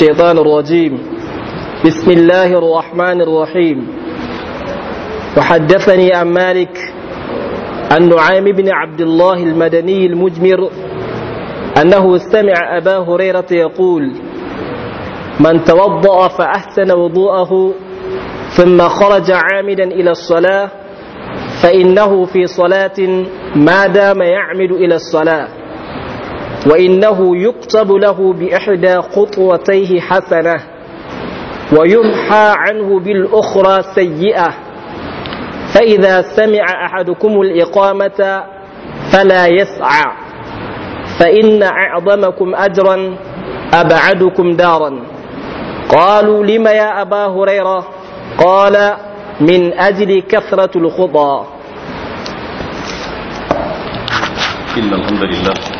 الشيطان الرجيم بسم الله الرحمن الرحيم وحدثني عن مالك عن نعام بن عبد الله المدني المجمر أنه سمع أبا هريرة يقول من توضأ فأحسن وضوءه ثم خرج عامدا إلى الصلاة فإنه في صلاة ما دام يعمد إلى الصلاة وإنه يكتب له بإحدى خطوتيه حسنة ويمحى عنه بالأخرى سيئة فإذا سمع أحدكم الإقامة فلا يسعى فإن أعظمكم أجرا أبعدكم دارا قالوا لم يا أبا هريرة قال من أجل كثرة الخطى إن الحمد لله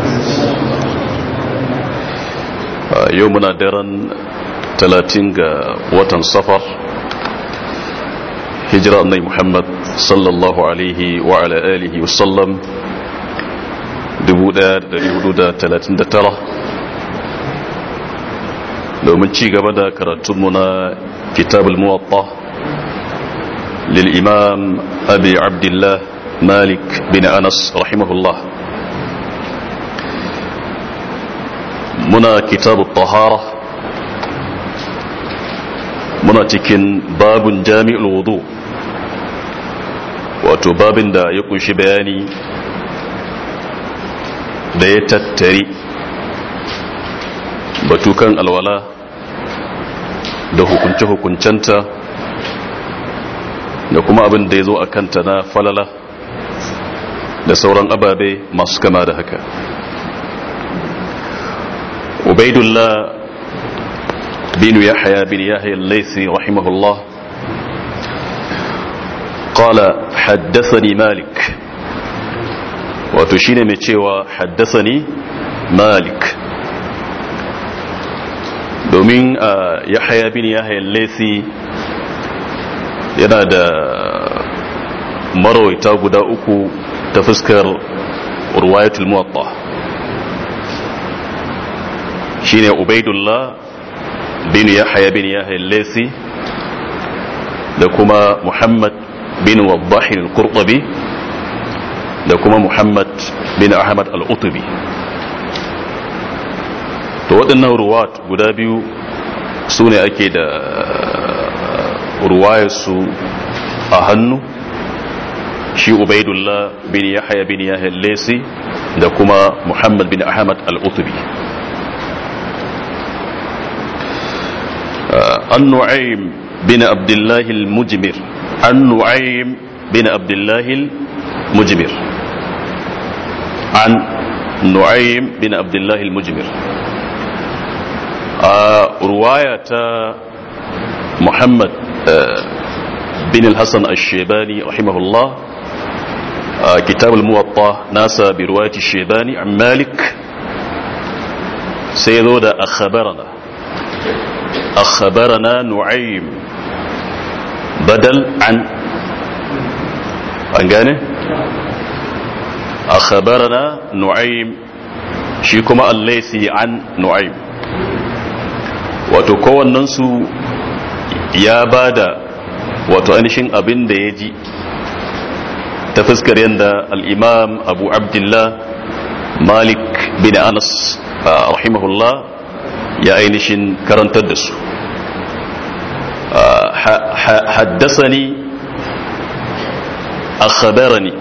yau muna daren 30 ga watan safar hijira annai muhammad sallallahu alaihi wa ala alihi wasallam 1439 domin ci gaba da karatunmu na kitab al-muwatta lil imam abi abdullah malik bin anas rahimahullah muna kitabu tahara muna cikin babun jami'ul wudu wato babin da ya kunshi bayani da ya tattari batukan alwala da hukunce-hukuncenta da kuma abin da ya zo a kanta na falala da sauran ababe masu kama da haka عبيد الله بن يحيى بن يحيى الليثي رحمه الله قال حدثني مالك وتشين متشوى حدثني مالك دومين آه، يحيى بن يحيى الليثي yana da marowita guda uku ta fuskar ruwayatul muwatta shine ubaidullah bin yahya bin yahya al da kuma muhammad bin waddahin al-qurtubi da kuma muhammad bin ahmad al-utubi to waɗannan ruwat guda biyu su ne ake da uh, ruwayarsu a hannu shi ubaidullah bin yahya bin yahya al da kuma muhammad bin ahmad al-utubi عن نعيم بن عبد الله المجمر عن نعيم بن عبد الله المجمر عن نعيم بن عبد الله المجمر رواية محمد آه، بن الحسن الشيباني رحمه الله آه، كتاب الموطا ناسا برواية الشيباني عن مالك سيدودا أخبرنا أخبرنا نعيم بدل عن أنجاني أخبرنا نعيم شيكما الليثي عن نعيم وتكون ننسو يا بادا وتؤنشن أبن ديجي تفسكر يندى الإمام أبو عبد الله مالك بن أنس رحمه الله ya ainihin karantar da su haddasani ni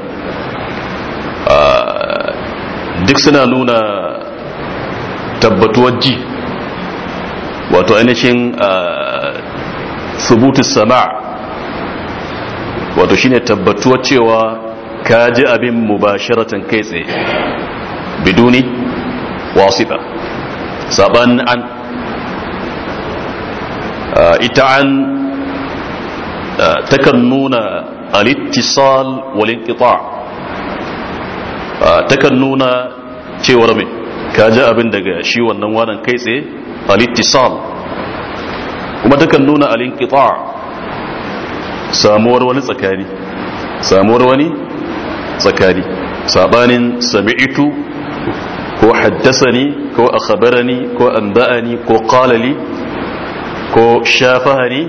duk suna nuna tabbatuwar ji wato ainihin subutu sama wato shine tabbatuwar cewa ka ji abin mubasharatan kai tsaye biduni wasita saban an ita an takan nuna alittisal ittisal wal inqita takan nuna cewar me ka ji abin daga shi wannan wannan kai tsaye alittisal kuma takan nuna al-inqita samuwar wani tsakani samuwar wani tsakani sabanin sami'itu ko haddasani ko akabarani ko anba'ani ko kalali ko shafahani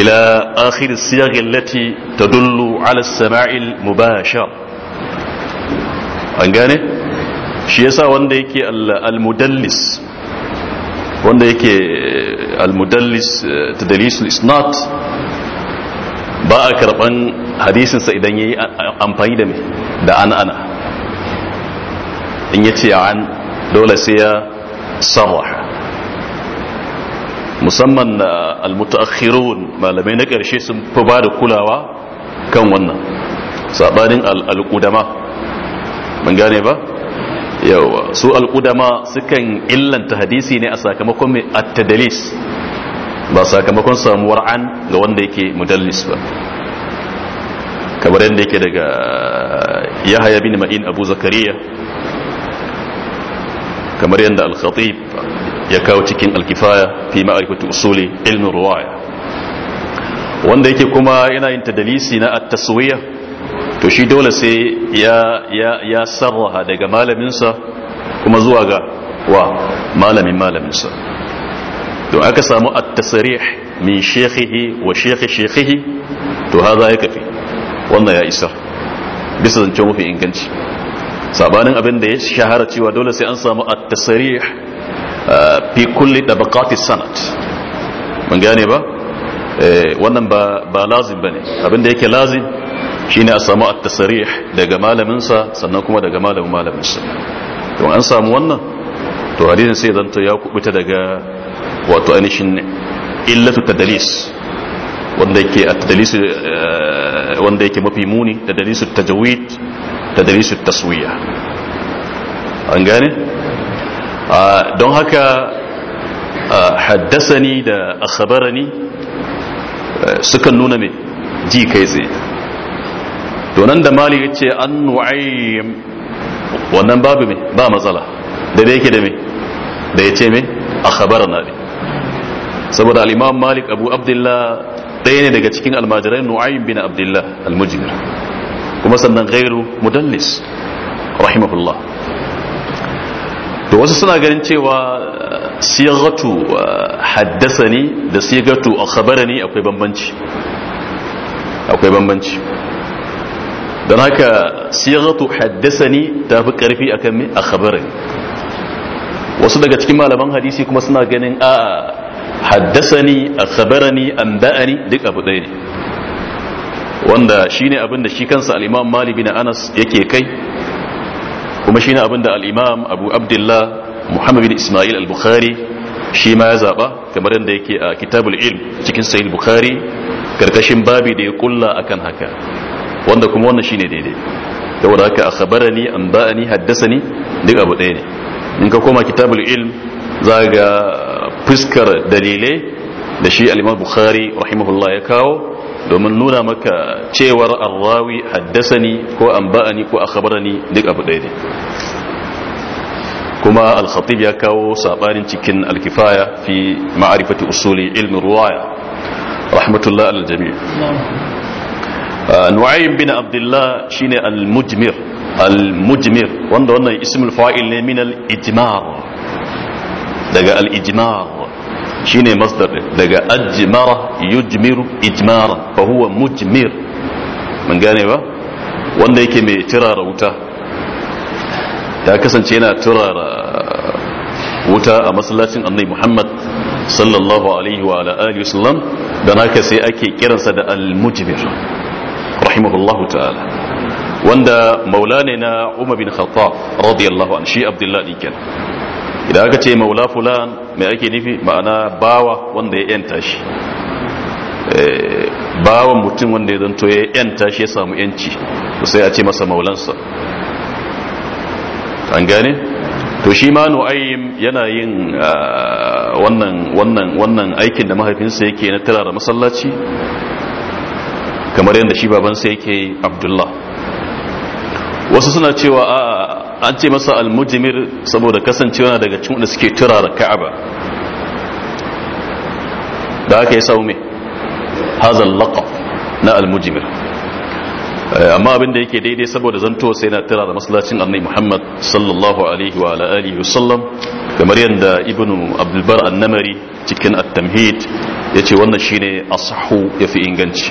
ila akhir lati ta dullu ala sama'il mubasha. an gane shi yasa wanda yake al wanda yake eh, al-mudallis eh, is isnad ba a karban hadisinsa idan yayi amfani da mai da ana ana in ya ce an dole sai ya sarraha musamman na uh, mutaakhirun malamai na ƙarshe sun fi ba da kulawa kan wannan sabanin al'udama ban gane ba yawa su al'udama qudama sukan illanta hadisi ne a sakamakon mai at ba sakamakon samuwar an ga wanda yake mudallis ba kamar yadda yake daga uh, yahaya bin ma'in abu zakariya kamar yadda al-khatib ya kawo cikin al-kifaya fi ma'arifatu usuli ilmin ruwaya wanda yake kuma yana yin tadalisi na at-taswiya to shi dole sai ya ya ya sarraha daga malamin sa kuma zuwa ga wa malamin malamin sa to aka samu at-tasrih min shaykhihi wa shaykh shaykhihi to hada ya kafi wannan ya isa bisa zancen mafi inganci sabanin abin da ya shahara cewa dole sai an samu at-tasrih uh, fi kulli tabaqati sanat mun gane ba eh, wannan ba ba ne. abin da yake lazim ne a samu a tasrih daga malaminsa sannan kuma daga malamin malaminsa to an samu wannan to hadisin sai zanto ya kubuta daga wato anishin illatu tadlis wanda yake a tadlis eh, wanda yake mafi muni tadlis at-tajwid tadrisu taswiya an gane ah, don haka ah, haddasani da akhbarani eh, suka nuna mai ji kai tsaye donan da mali yace an nu'aym wannan babu mai ba matsala da yake da mai da yace mai akhbarana ne saboda al-imam malik abu abdullah ɗaya ne daga cikin almajirai nu'aym bin abdullah al-mujmir kuma sannan gairu mudallis rahimahullah to wasu suna ganin cewa uh, siyagatu uh, haddasa da siyagatu a khabara akwai bambanci akwai bambanci don haka siyagatu haddasa ne ta fi karfi a kan a khabara wasu daga cikin malaman hadisi kuma suna ganin a haddasa ne a khabara an da'ani duk abu ɗaya ne wanda shi ne da shi kansa al'imam mali bin anas yake kai kuma shi ne da al'imam abu abdullah muhammad bin ismail al-bukhari shi ma ya zaɓa kamar yadda yake a kitabul ilm cikin sahih bukhari karkashin babi da ya kulla akan haka wanda kuma wannan shi ne daidai saboda haka a ni an haddasa ni duk abu ɗaya ne in ka koma kitabul ilm za ga fuskar dalilai da shi al-imam bukhari rahimahullah ya kawo domin nuna maka cewar arrawi ni ko an ni ko akhbarani duk abu ɗaya ne kuma al ya kawo sabanin cikin alkifaya kifaya fi ma'arifati usuli ilmi ruwaya rahmatullah al-jami' ah, nu'aym bin abdullah shine almujmir almujmir al-mujmir wanda wannan ismul fa'il ne min al daga al-ijmar shine masdar daga ajmara yujmiru ijmara fa huwa mujmir mun gane ba wanda yake mai turara wuta ya kasance yana turara wuta a masallacin annabi Muhammad sallallahu alaihi wa ala alihi wasallam dan haka sai ake kiransa da al-mujmir rahimahullahu ta'ala wanda maula na Umar bin Khattab radiyallahu anhu shi abdullahi din idan aka ce maula fulan mai ake nufi ma'ana bawa wanda ya yanta shi eh, bawan mutum wanda ya zanto ya yanta shi ya samu yanci sai a ce masa maulansa an gane to shi ma nu'aym yana yin ah, wannan wannan wannan aikin da mahaifinsa yake na tara da masallaci kamar yadda shi babansa yake Abdullah wasu suna cewa a an ce masa almujimir saboda kasancewa daga cikin da suke turara ka'aba da haka ya saume hazal laqab na almujimir eh, amma abin da yake daidai saboda zanto sai na turara masallacin annabi Muhammad sallallahu alaihi wa alihi wasallam kamar yadda ibnu abdul bar an-namari cikin at-tamhid yace wannan shine ya yafi inganci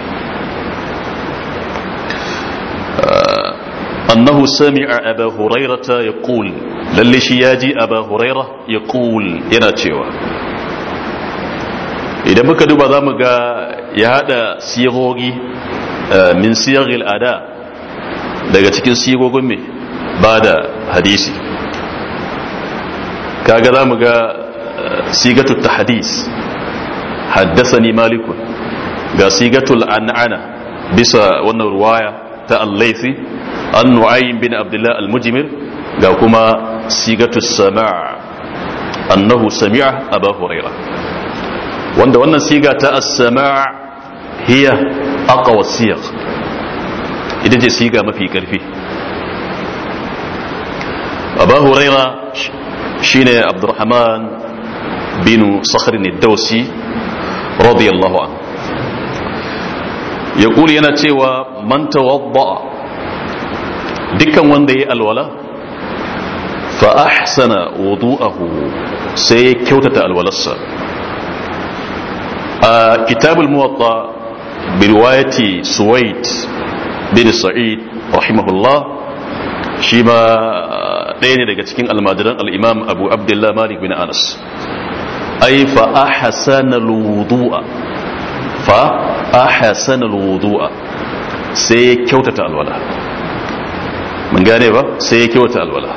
annahu sami'a aba hurairata yaqul lalle shi yaji aba huraira yaqul yana cewa idan muka duba zamu ga ya hada sigogi min al ada daga cikin sigogin me bada hadisi kaga zamu ga sigatu tahdis haddathani malikun ga sigatul an'ana bisa wannan ruwaya ta al-laythi an bin abdullah al mujimir ga kuma sigatu sama' annahu sami'a aba huraira wanda wannan siga ta as-sama' hiya aqwa siyaq ita ce siga mafi karfi aba huraira shine abdurrahman bin sakhr ad-dawsi radiyallahu anhu yaqul yana cewa man tawadda dukkan wanda ya alwala fa ahsana wudu'ahu sai ya kyautata alwalarsa a kitabul muwatta bi riwayati suwaid bin sa'id rahimahullah shi ma ɗaya ne daga cikin almajiran al-imam abu abdullah malik bin anas ai fa ahsana alwudu'a fa sai ya kyautata alwala mun gane ba sai ya kyauta alwala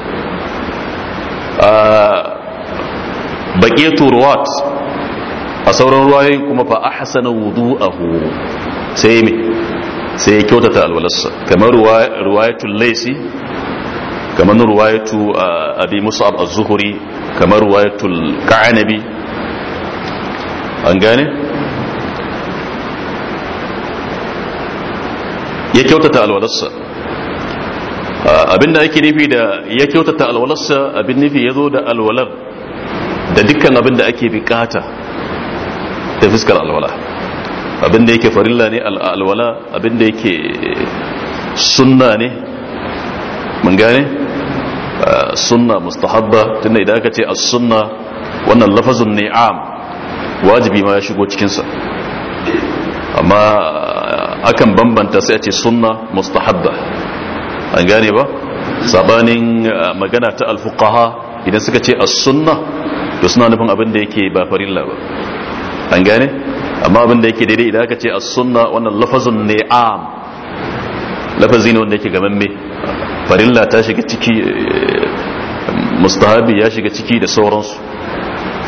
ah, baƙe turuwat a sauran ruwayoyi kuma fa a wudu'ahu sai mai sai ya ta alwalarsa kamar ruwayatun laisi kamar ruwayatun ah, abi mus'ab abu zuhuri kamar ruwayatun ka'anabi an gane ya kyautata alwalarsa abinda ake nufi da ya kyautata alwalarsa abin nufi ya zo da alwalar da dukkan abin da ake bukata da fuskar alwala abin da yake farilla ne alwala abin da yake sunna ne mun gane sunna mustahabba tunda idan aka ce as-sunna wannan lafazun ni'am wajibi ma ya shigo cikinsa amma akan bambanta sai a ce sunna mustahabba an gane ba sabanin eh, magana ta alfuqaha idan suka ce as-sunna to suna nufin abin da yake ba farilla ba an gane amma abin da yake daidai idan aka ce as-sunna wannan lafazun ni'am lafazi ne wanda yake gaban me farilla ta shiga ciki eh, mustahabi ya shiga ciki da sauransu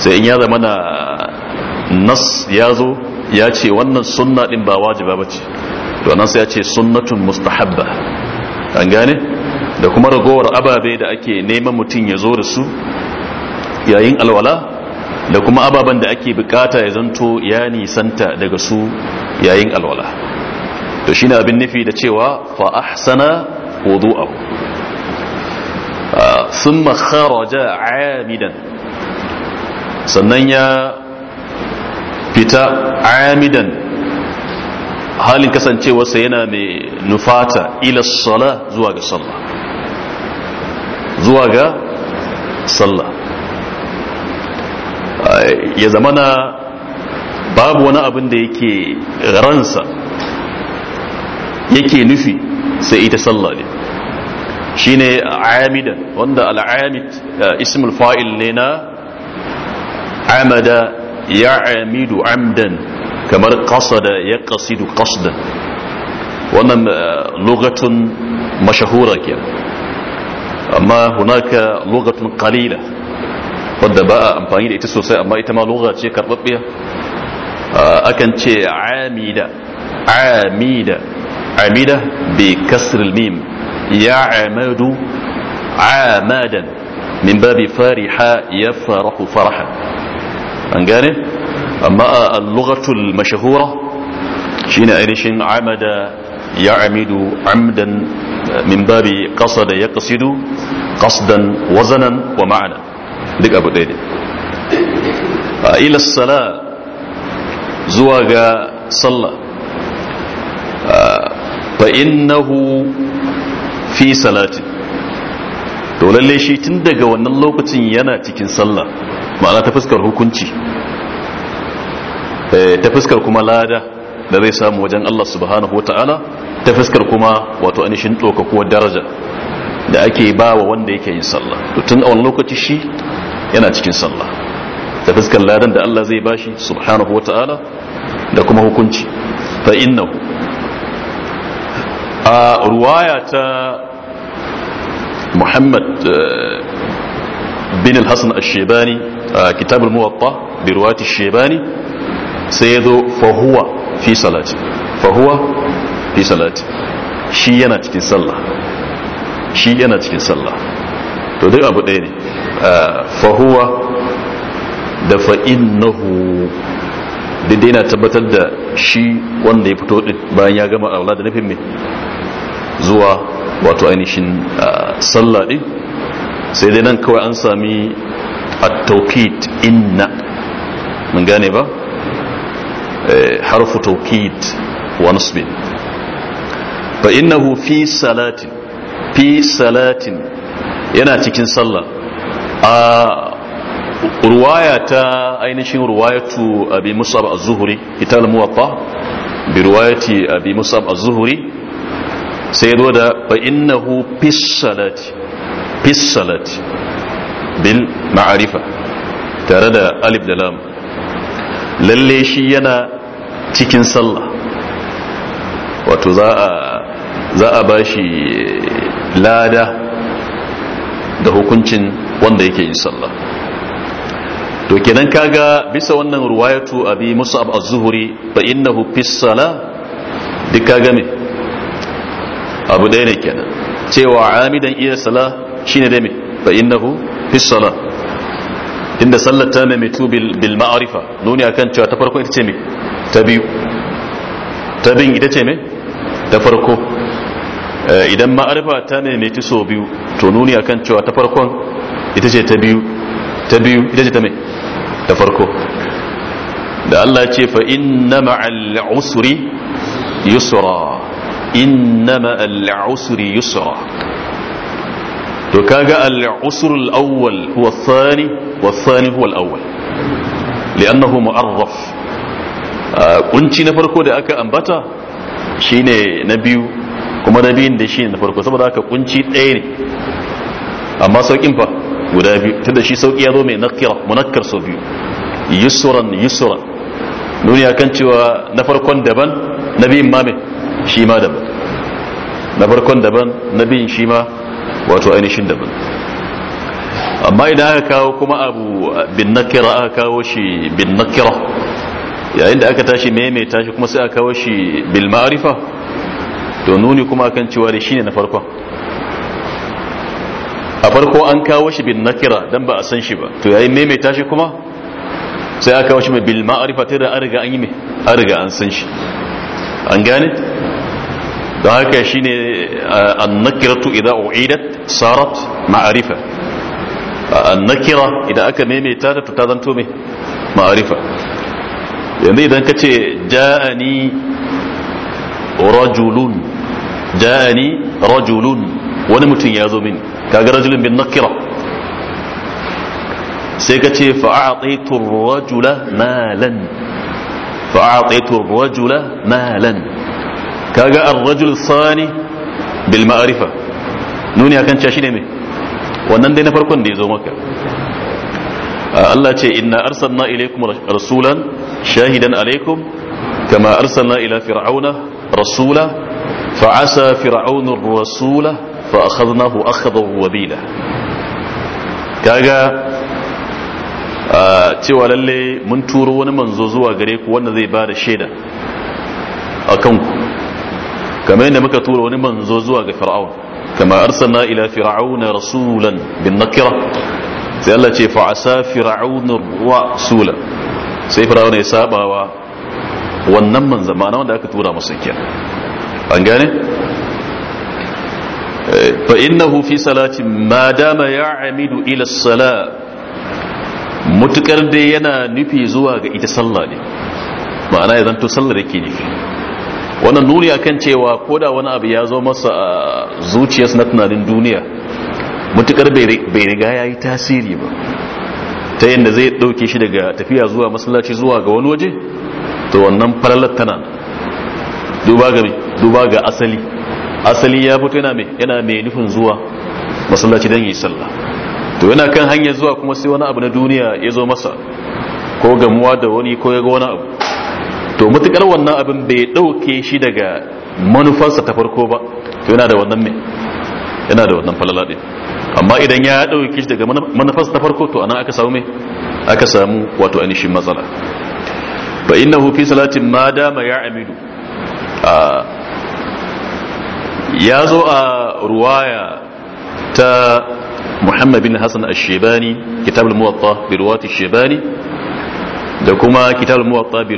sai in ya zama na nas ya zo ya ce wannan sunna din ba wajiba bace to nan sai ya ce sunnatun mustahabba an gane da kuma ragowar ababe da ake neman mutum ya zo da su yayin alwala da kuma ababen da ake bukata ya zanto ya nisanta daga su yayin alwala to shine abin nufi da cewa fa ahsana sun ah, thumma ja 'amidan sannan ya fita 'amidan halin kasancewarsa yana mai nufata ila sala zuwa ga sallah zuwa ga sallah ya zamana babu wani abin da yake ransa yake nufi sai ita sallah ne shine amida wanda al'amid ismul fa'il ne na amada ya amidu amdan kamar qasada ya qasidu qasdan wannan lugatun mashahura ke amma hunaka lugatun qalila wadda ba a amfani da ita sosai amma ita ma lugha ce karbabbiya akan ce amida amida amida bi kasril mim ya amadu amadan min babi fariha ya farahu faraha an gane amma a lughatul mashahura shine ainihin amada ya amidu amdan min babi da ya kasidu kasdan wazanan wa ma'ana duk abu ɗaya ne ila sala zuwa ga sallah fa innahu fi salatin to lalle shi tun daga wannan lokacin yana cikin sallah ma'ana ta fuskar hukunci Eh, ta fuskar kuma lada da zai samu wajen Allah subhanahu wata'ala ta fuskar kuma wato anishin ɗaukakuwar daraja da ake ba wa wanda yake yin sallah tun a wani lokaci shi yana cikin sallah ta fuskar ladan da Allah zai bashi subhanahu wata'ala da kuma hukunci fa innahu a ruwaya ta Muhammad eh, bin al-Hasan al-Shebani kitab al-Muwatta bi shebani sai ya zo fahuwa fi salati fahuwa fi salati shi yana cikin sallah shi yana cikin sallah to duk abu ɗaya ne ah, fahuwa da fa'innahu daidai na tabbatar da shi wanda ya fito bayan ya gama aula da nufin mai zuwa wato ainihin ah, sallah ɗin sai dai nan kawai an sami a taukit inna mun gane ba آه، حرف توكيد ونصب فإنه في صلاة في صلاة يناتك صلى آه، رواية أين شيء رواية أبي مصعب الزهري كتاب الموطة برواية أبي مصعب الزهري سيد ودا فإنه في الصلاة في الصلاة بالمعرفة ترى ألف دلام للي شي cikin sallah wato za a ba shi lada da hukuncin wanda yake yin sallah to kenan kaga bisa wannan ruwayatu abi musab az-zuhri fa innahu fi salah duk kaga me abu ɗaya ne kenan cewa amidan iya salah shine da me fa innahu fi salah inda sallar ta mai bil ma'rifa nuni akan cewa ta farko ita ce me ta biyu ta bin ita ce mai ta farko idan ma'arifa ta maimaiti so biyu to nuni a kan cewa ta farkon ita ce ta biyu ta biyu ita ce ta mai ta farko da Allah ce fa inna ma'al usri yusra inna ma'al usri yusra to kaga al usr al awwal huwa al thani wa al thani huwa al awwal li'annahu mu'arraf kunci na farko da aka ambata shine na biyu kuma na biyun da shine na farko saboda haka kunci ɗaya ne amma sauƙin fa guda biyu tunda shi sauƙi ya zo mai nakira munakkar sau biyu yusuran yusuran duniya kan cewa na farkon daban na biyun ma mai shi ma daban na farkon daban na biyun shi ma wato ainihin daban amma idan aka kawo kuma abu bin nakira aka kawo shi bin nakira yayin da aka tashi maimaita shi kuma sai aka kawo shi bil ma'rifa to nuni kuma kan cewa da shine na farkon a farko an kawo shi bin nakira dan ba a san shi ba to yayin maimaita shi kuma sai aka kawo shi bil ma'rifa ta da an riga an yi mai an riga an san shi an gane don haka shine annakiratu idza u'idat sarat ma'rifa nakira idan aka maimaita ta ta zanto mai ma'rifa yanzu idan ka ce ja'ani rajulun ja'ani rajulun wani mutum ya zo min kaga rajulun bin nakira sai ka ce fa'a'ataitu rajula malan lan rajula malan kaga ar-rajul sani bil ma'arifa nuni akan cashi ne mai wannan dai na farkon da zo maka Allah ce inna arsalna ilaykum rasulan شاهدا عليكم كما أرسلنا إلى فرعون رسولا فعسى فرعون الرسول فأخذناه أخذه وبيلا كاجا cewa lalle mun turo wani manzo zuwa gare ku wanda zai bada shaida a kanku kamar yadda muka tura wani manzo zuwa ga fir'aun kama arsalna ila fir'auna rasulan bin nakira sai Allah ce fa asa fir'aunur rasula sai fara ya sabawa wannan manzan ma'ana wanda aka tura masa kenan an gane eh, fa innahu fi salati ma dama ya'amidu ila sala mutukar dai yana nufi zuwa ga ita sallah ne ma'ana ya zanto sallar yake nufi wannan nuni akan cewa koda wani abu ya zo masa a zuciyarsa na tunanin duniya mutukar bai riga yayi tasiri ba ta yadda zai ɗauke shi daga tafiya zuwa masallaci zuwa ga wani waje to wannan faralar tana duba ga duba ga asali asali ya fito yana mai yana mai nufin zuwa masallaci don yi sallah to yana kan hanya zuwa kuma sai wani abu na duniya ya zo masa ko gamuwa da wani ko ya ga wani abu to matukar wannan abin bai ɗauke shi daga manufarsa ta farko ba to yana da wannan mai yana da wannan falala ɗin amma idan ya ɗauki shi daga manufas ta farko to anan aka samu me aka samu wato anishin matsala fa innahu fi salatin ma dama ya'midu ya zo a ruwaya ta Muhammad bin Hassan a shebani kitab al-Muwatta bi shebani da kuma kitab al-Muwatta bi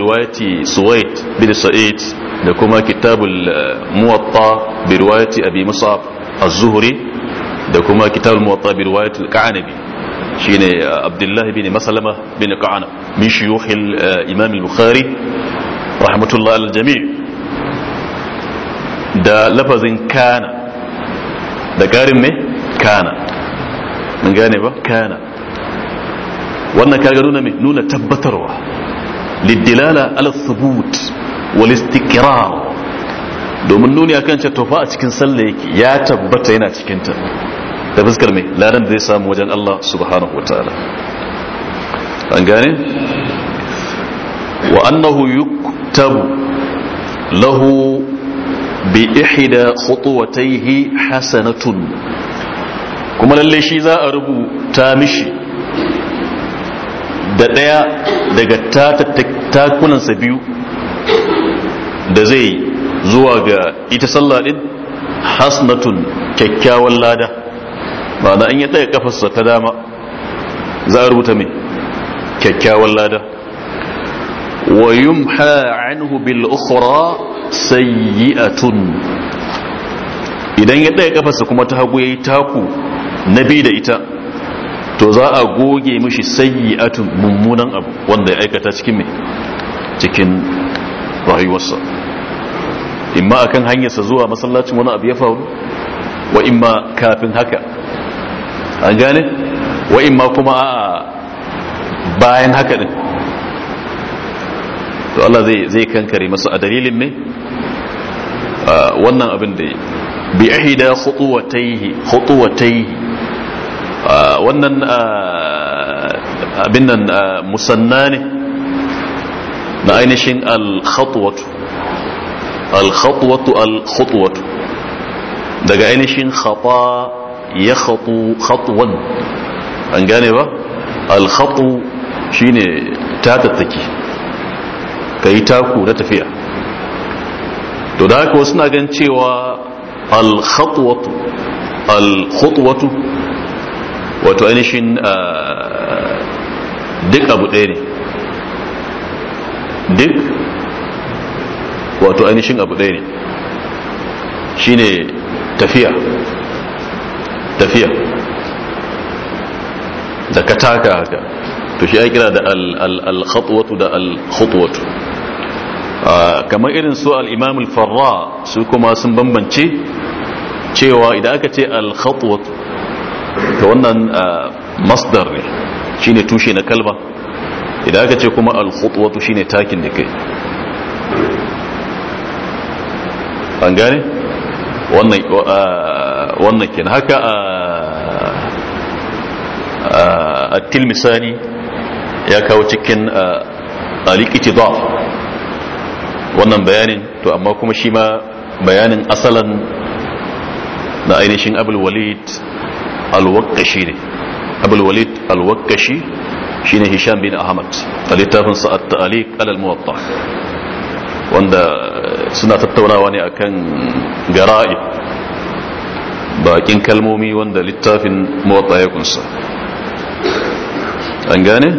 Suwaid bin Sa'id da kuma kitab al-Muwatta bi riwayati Abi Mus'ab az-Zuhri da kuma kitabul muwatta bi riwayat al qanabi shine uh, abdullahi bin maslama bin qanab min shuyukh al uh, imam al-bukhari rahmatullah al-jami' da lafazin kana da garin me kana mun gane ba kana wannan kaga nuna me nuna tabbatarwa lidilala ala thubut wal istiqrar domin nuni akan kan tofa a cikin sallah yake ya tabbata yana cikin ta da fuskar mai ladan da zai samu wajen Allah subhanahu ta'ala an gane wa annahu yuktabu lahu bi ihda khutuwatayhi hasanatun kuma lalle shi za a rubuta mishi da daya daga takunansa biyu da zai zuwa ga ita sallah din hasnatun kyakkyawan lada ba da an yi kafarsa ta dama za a rubuta mai kyakkyawan lada wa yumha anhu bil ukhra sayyi'atun idan ya ɗaya kafarsa kuma ta hagu yayi taku na bi da ita to za a goge mishi sayyi'atun mummunan abu wanda ya aikata cikin mai cikin rayuwarsa In ma a kan hanyarsa zuwa masallacin wani abu ya faru wa imma kafin haka an gane wa imma kuma a bayan haka din to Allah zai kankare masa a dalilin ne. wannan abin da bi ahida khutuwatayhi khutuwatayhi wannan abin nan musanna ne na ainihin al-khatwatu al-khatwatu daga ainihin khata ya khatu khatwan an gane ba al-khatu shine tatattaki kai taku na tafiya to da haka wasu na gan cewa al-khatwatu wato ainihin ah, duk abu ɗaya ne duk wato ainihin abu ɗaya ne shine tafiya tafiya da ka taka haka to shi ya da al-khatwatu da al-khutwatu kamar irin su al-imam al-farra su kuma sun bambance cewa idan aka ce al-khatwatu to wannan masdar ne shine tushe na kalba idan aka ce kuma al-khutwatu shine takin da kai an gane wannan wannan kin haka a tilmisani ya kawo cikin alikiti da wannan bayanin to amma kuma shi ma bayanin asalan na ainihin abulwalid alwakashi ne abulwalid alwakashi shi ne hisham bin ahmad a littafin a ta'alik alal muwatta wanda suna tattaunawa ne akan gara'i bakin kalmomi wanda littafin motsa ya kunsa an gane?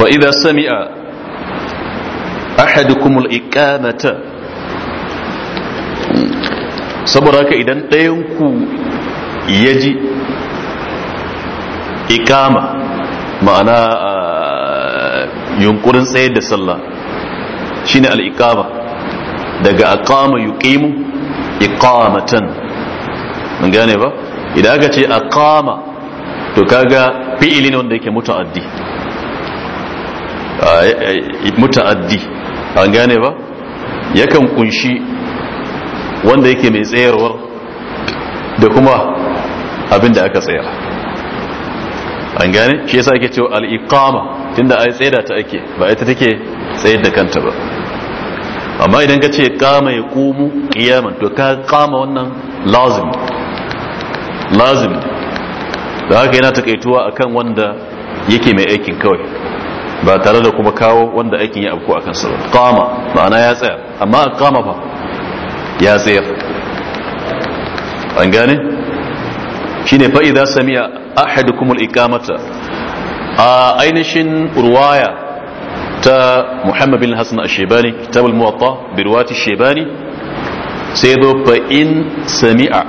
fa'ida sami'a ahadukumul ikamata saboda ka idan ɗayanku ya ji ikama ma'ana yunkurin tsayar da sallah shine ne iqama daga aqama yuqimu iqamatan mun gane ba idan aka ce aqama to kaga fi'ili ne wanda yake muta'addi muta'addi an gane ba yakan kunshi wanda yake mai tsayarwar da kuma abin da aka tsayar an gane shi yasa yake cewa al-iqama tunda ai tsaida ta ake ba ita take tsayar da kanta ba amma idan ka ce kama ya kumu kiyaman to ka kama wannan lazim lazim da haka yana takaituwa akan wanda yake mai aikin kawai ba tare da kuma kawo wanda aikin ya abu akan sa kama ma'ana ya tsaya amma kama ba ya tsayar an gane shine fa idza sami'a ahadukum al-iqamata a ainihin urwaya ta muhammad bin hassan ashebani shebani muwatta bi birwati shebani sai zo fa in sami'a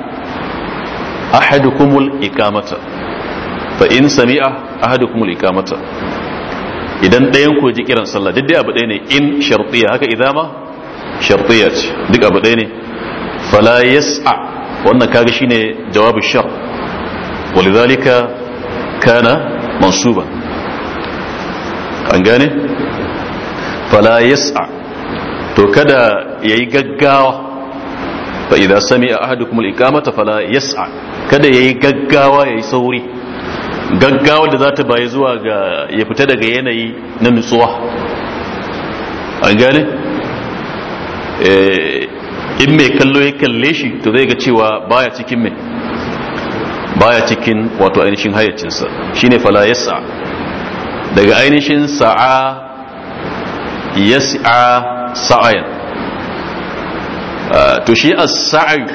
ahadukumul ikamata fa in sami'a ahadukumul ikamata idan ɗayan ku ji kiran sallah duk abu ɗaya ne in shartiya haka idama shartiya ce duk abu ɗaya ne fala yas'a wannan kaga shine jawabu shar walidhalika kana mansuban an gane fala yas'a to kada yayi gaggawa fa idza sami'a ahadukum al-iqamata fala yas'a kada yayi gaggawa yayi sauri gaggawa da zata bayi zuwa ga ya fita daga yanayi na nutsuwa an gane eh, in mai kallo ya kalle shi to zai ga cewa baya cikin mai baya cikin wato ainihin hayyacinsa shine fala yasa daga ainihin sa'a ya sa'a sa'ayan ah, to shi a sai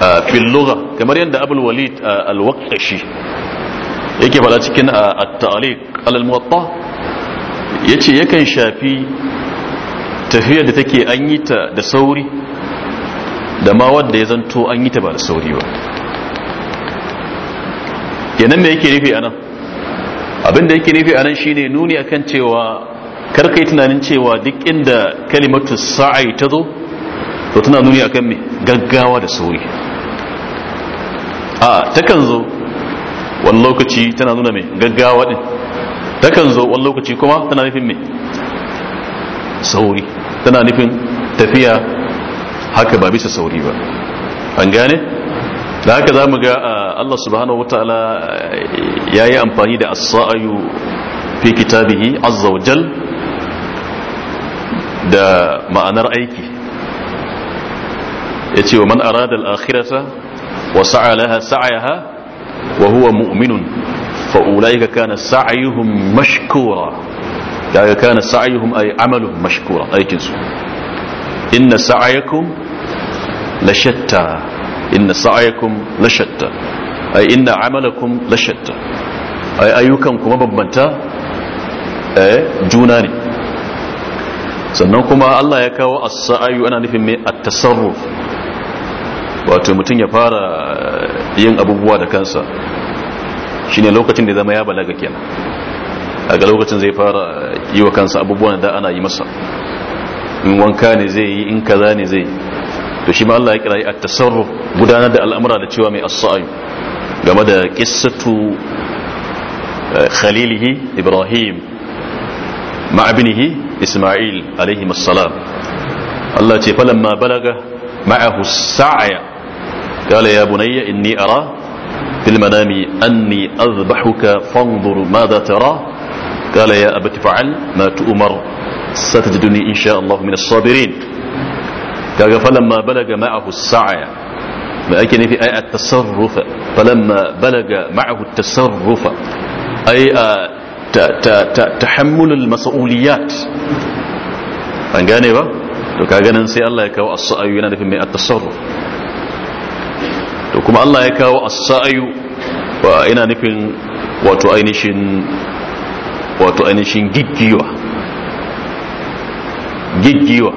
ah, fil kamar yadda abulwalid walid ah, al yake fada cikin a ta'alik al ya ce yakan shafi tafiyar da take an yi ta da sauri da ma wadda ya zanto an yi ta ba da sauri ba kenan me yake nufi anan abin da yake nufi anan shine nuni akan cewa kar kai tunanin cewa duk inda kalimatu sa'ai ta zo to tana nuni akan me gaggawa da sauri a takan zo wani lokaci tana nuna me gaggawa din takan zo wani lokaci kuma tana nufin me sauri tana nufin tafiya haka ba bisa sauri ba an gane da haka za mu ga ah, Allah subhanahu wa ta'ala eh, ya yi amfani da asa'ayu fi kitabihi azzawajal da ma'anar aiki ya ce wa man arada al'akhirata wa sa'alaha sa'ayaha wa huwa mu'minun fa'ula'ika kana sa'ayuhum mashkura daga kana sa'ayuhum ay amaluhum mashkura aikinsu inna sa'ayakum la shatta inna sa'ayakum lashatta ay inna amalakum lashatta ay ayyukan kuma bambanta eh juna ne sannan kuma Allah ya kawo as-sa'ayu ana nufin mai at-tasarruf wato mutum ya fara yin abubuwa da kansa shine lokacin da zama ya balaga kenan daga lokacin zai fara yi wa kansa abubuwan da ana yi masa in wanka ne zai yi in kaza ne zai to shi ma Allah ya kira yi at-tasarruf gudanar da al'amura da cewa mai as-sa'i game da qissatu khalilihi ibrahim ma ibnihi isma'il alayhi as-salam Allah ce falamma balaga ma'ahu as-sa'ya قال يا بني إني أرى في المنام أني أذبحك فانظر ماذا tara qala ya abati fa'al ma tu'mar ستجدني إن شاء الله من الصابرين kaga falamma balaga ma'ahu as-sa'ya me ake nufi ai at-tasarruf falamma balaga ma'ahu at-tasarruf ai tahammul al-mas'uliyat an gane ba to kaga nan sai Allah ya kawo as-sa'yu yana nufin mai at-tasarruf to kuma Allah ya kawo as-sa'yu wa ina nufin wato ainihin wato ainihin giggiwa giggiwa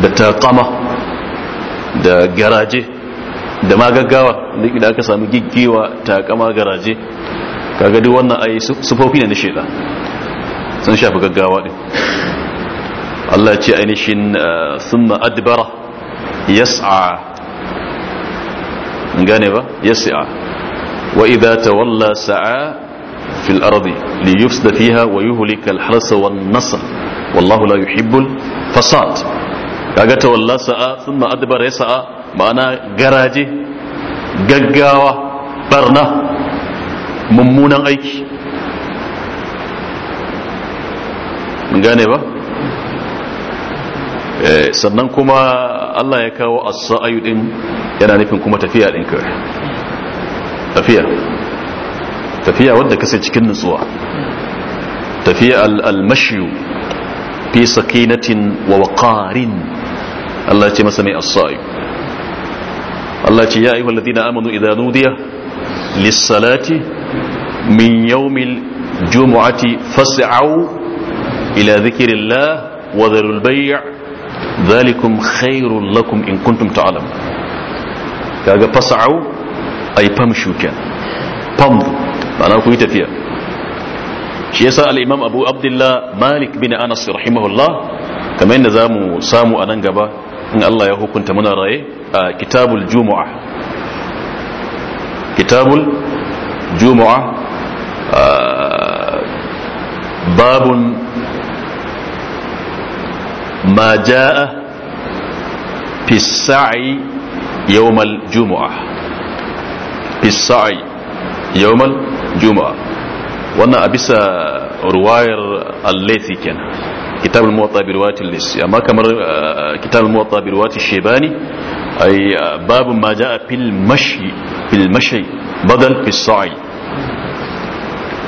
da taqama da garaje da ma gaggawa da aka samu ta kama garaje kaga duk wannan ayi sufofi ne na sheda sun shafi gaggawa din Allah ce ainihin summa uh, adbara yas'a gane ba yas'a wa idza tawalla sa'a fil arzi li yufsida fiha wa yuhlika al harsa wan wallahu la yuhibbul fasad kaga tawalla sa'a thumma adbara ya sa'a ma'ana garaje gaggawa barna mummunan aiki gane ba eh, sannan kuma Allah ya kawo as-sa'ayu din yana nufin kuma tafiya din kai tafiya tafiya wadda kase cikin nutsuwa tafiya al-mashyu fi sakinatin wa waqarin Allah ce masa mai as-sa'ib Allah ce ya ayyuhal ladina amanu idza nudiya min yawmil jumu'ati fas'au ila dhikrillah wa dharul bay' dhalikum lakum in kuntum taalam kaga fas'au ay famshu kan famdu ana ku tafiya shi yasa al-imam abu abdullah malik bin anas rahimahullah kamar yadda mu samu a nan gaba in Allah ya hukunta muna raye a kitabul juma'a kitabul juma'a babun ma ja'a fi sa'i yawmal juma'a fi sa'i yawmal juma'a wannan a bisa ruwayar allaisi kenan kitab al-muwatta bi riwayatil lisi amma kamar uh, kitab al-muwatta bi riwayatil shaybani ay uh, babu ma jaa fil mashi fil mashi badal fi sa'i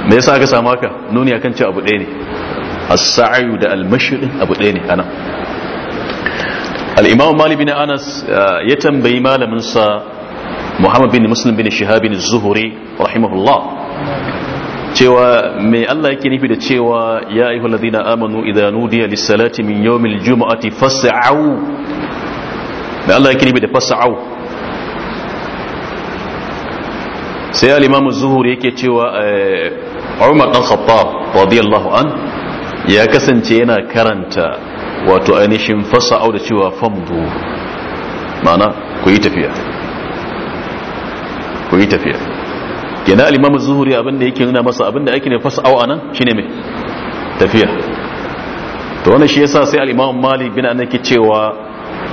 me yasa aka samu haka nuni akan ce abu ɗaya ne as-sa'i da al-mashi abu ɗaya ne ana al-imam malik bin anas uh, ya tambayi malamin sa muhammad bin muslim bin shihab bin zuhri rahimahullah cewa mai Allah yake nufi da cewa ya ayyuhal ladina amanu idza nudiya lis-salati min yawmil jumu'ati fas'au mai Allah yake nufi da fas'au sai al-imam az-zuhri yake cewa eh, Umar dan Khattab radiyallahu an ya kasance yana karanta wato ainihin fas'au da cewa famdu ma'ana ku yi tafiya ku yi tafiya kenan al-imam az-zuhri abinda yake nuna masa abinda ake ne au anan shine me tafiya to wannan shi yasa sai al-imam malik bin anas ke cewa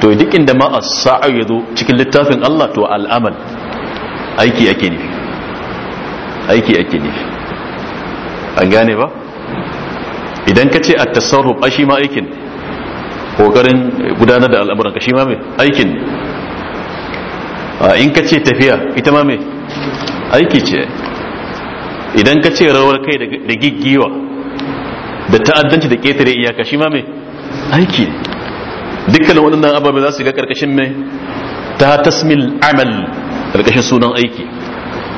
to duk inda ma as-sa'a yazo cikin littafin Allah to al-amal aiki ake ne aiki ake ne an gane ba idan ka ce at-tasarruf ashi ma aikin kokarin gudanar da al'amuran ka shi ma me aikin in ka ce tafiya ita ma me aiki ce idan ka ce rawar kai da giggiwa da ta'addanci da ketare iyaka shi ma mai aiki dukkanin waɗannan ababe za su ga ƙarƙashin mai ta tasmil amal ƙarƙashin sunan aiki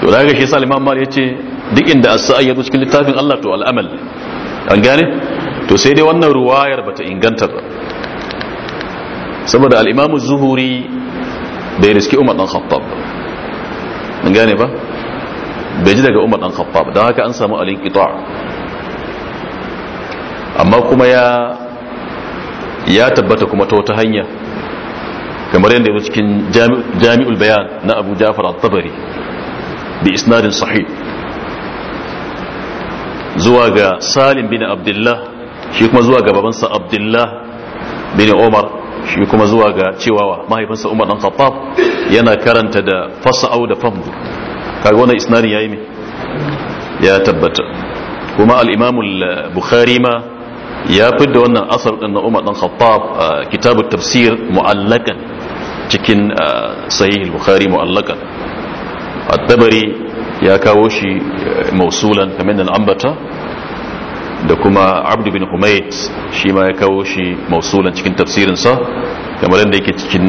to da ga shi sa limam ya ce duk inda as-sa'i ya zo cikin littafin Allah to al'amal an gane to sai dai wannan ruwayar bata inganta ba saboda al-imamu zuhuri bai riski umar dan khattab an gane ba bai ji daga umar dan khattab don haka an samu alin qita amma kuma ya tabbata kuma ta wata hanya kamar yadda ya yake cikin jami'ul bayan na Abu Ja'far al tabari bi isnadin sahih zuwa ga Salim bin Abdullah shi kuma zuwa ga babansa Abdullah bin Umar shi kuma zuwa ga cewawa mahaifinsa Umar dan Khattab yana karanta da fasa'au da famdu kaga wannan isnadi yayi me ya tabbata kuma al-imam al-bukhari ma ya fidda wannan asar din na Umar dan Khattab kitab at tafsir mu'allaqan cikin sahih al-bukhari mu'allaqan at-tabari ya kawo shi mausulan kamar da ambata da kuma abd ibn humayt shi ma ya kawo shi mausulan cikin tafsirin sa kamar da yake cikin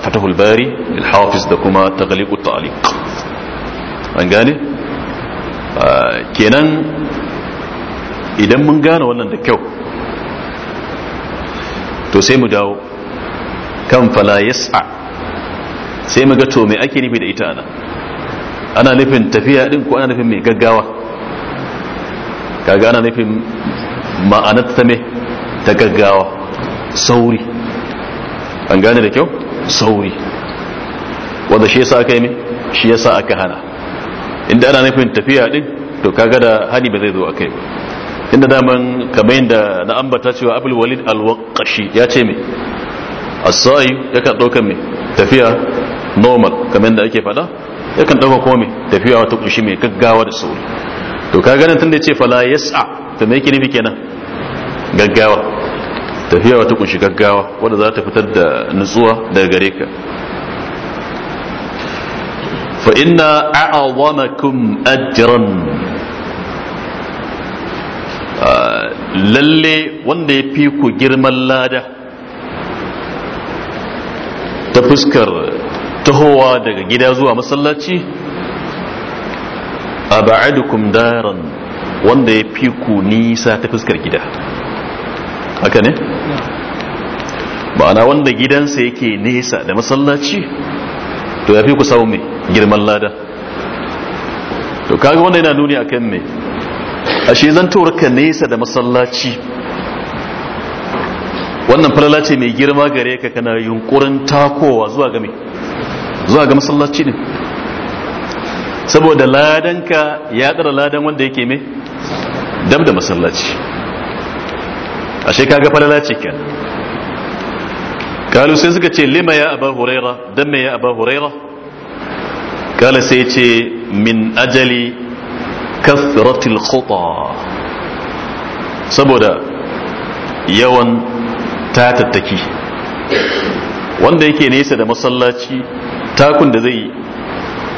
fatahul bari al-hafiz da kuma taghliqut ta'liq an gane ah, kenan idan mun gane wannan da kyau to sai mu dawo kan fala yas'a sai mu ga to me ake nufi da ita ana ana nufin tafiya din ko ana nufin mai gaggawa kaga ana nufin ma'anar ta me ta gaggawa sauri an gane da kyau sauri wanda shi yasa aka yi ne shi yasa aka hana inda ana nufin tafiya din to kaga da hani ba zai zo akai inda daman kamar yadda na ambata cewa abul walid al-waqashi ya ce me asai ya yakan dauka me tafiya normal kamar yadda ake fada yakan dauka kuma me tafiya wata kushi mai gaggawa da sauri to kaga nan tunda ce fala yas'a to me yake nufi kenan gaggawa tafiya wata kushi gaggawa wanda za ta fitar da nutsuwa daga gare ka fa inna kun ajran ah, lalle wanda ya fi ku girman lada ta fuskar tahowa daga gida zuwa masallaci a daran wanda ya fi ku nisa ta fuskar gida haka ne? ma'ana wanda gidansa yake nesa da masallaci to ya fi ku samu girman lada to kaga wanda yana nuni akan me ashe zan ka nesa da masallaci wannan falala ce mai girma gare ka kana yunkurin takowa zuwa ga me zuwa ga masallaci ne saboda ladanka ya dara ladan wanda yake me dab da masallaci ashe kaga falala ce ka kalu sai suka ce lima ya aba huraira dan me ya aba huraira kala sai ce min ajali kathratil khuta saboda yawan tatattaki wanda yake nesa da masallaci takun da zai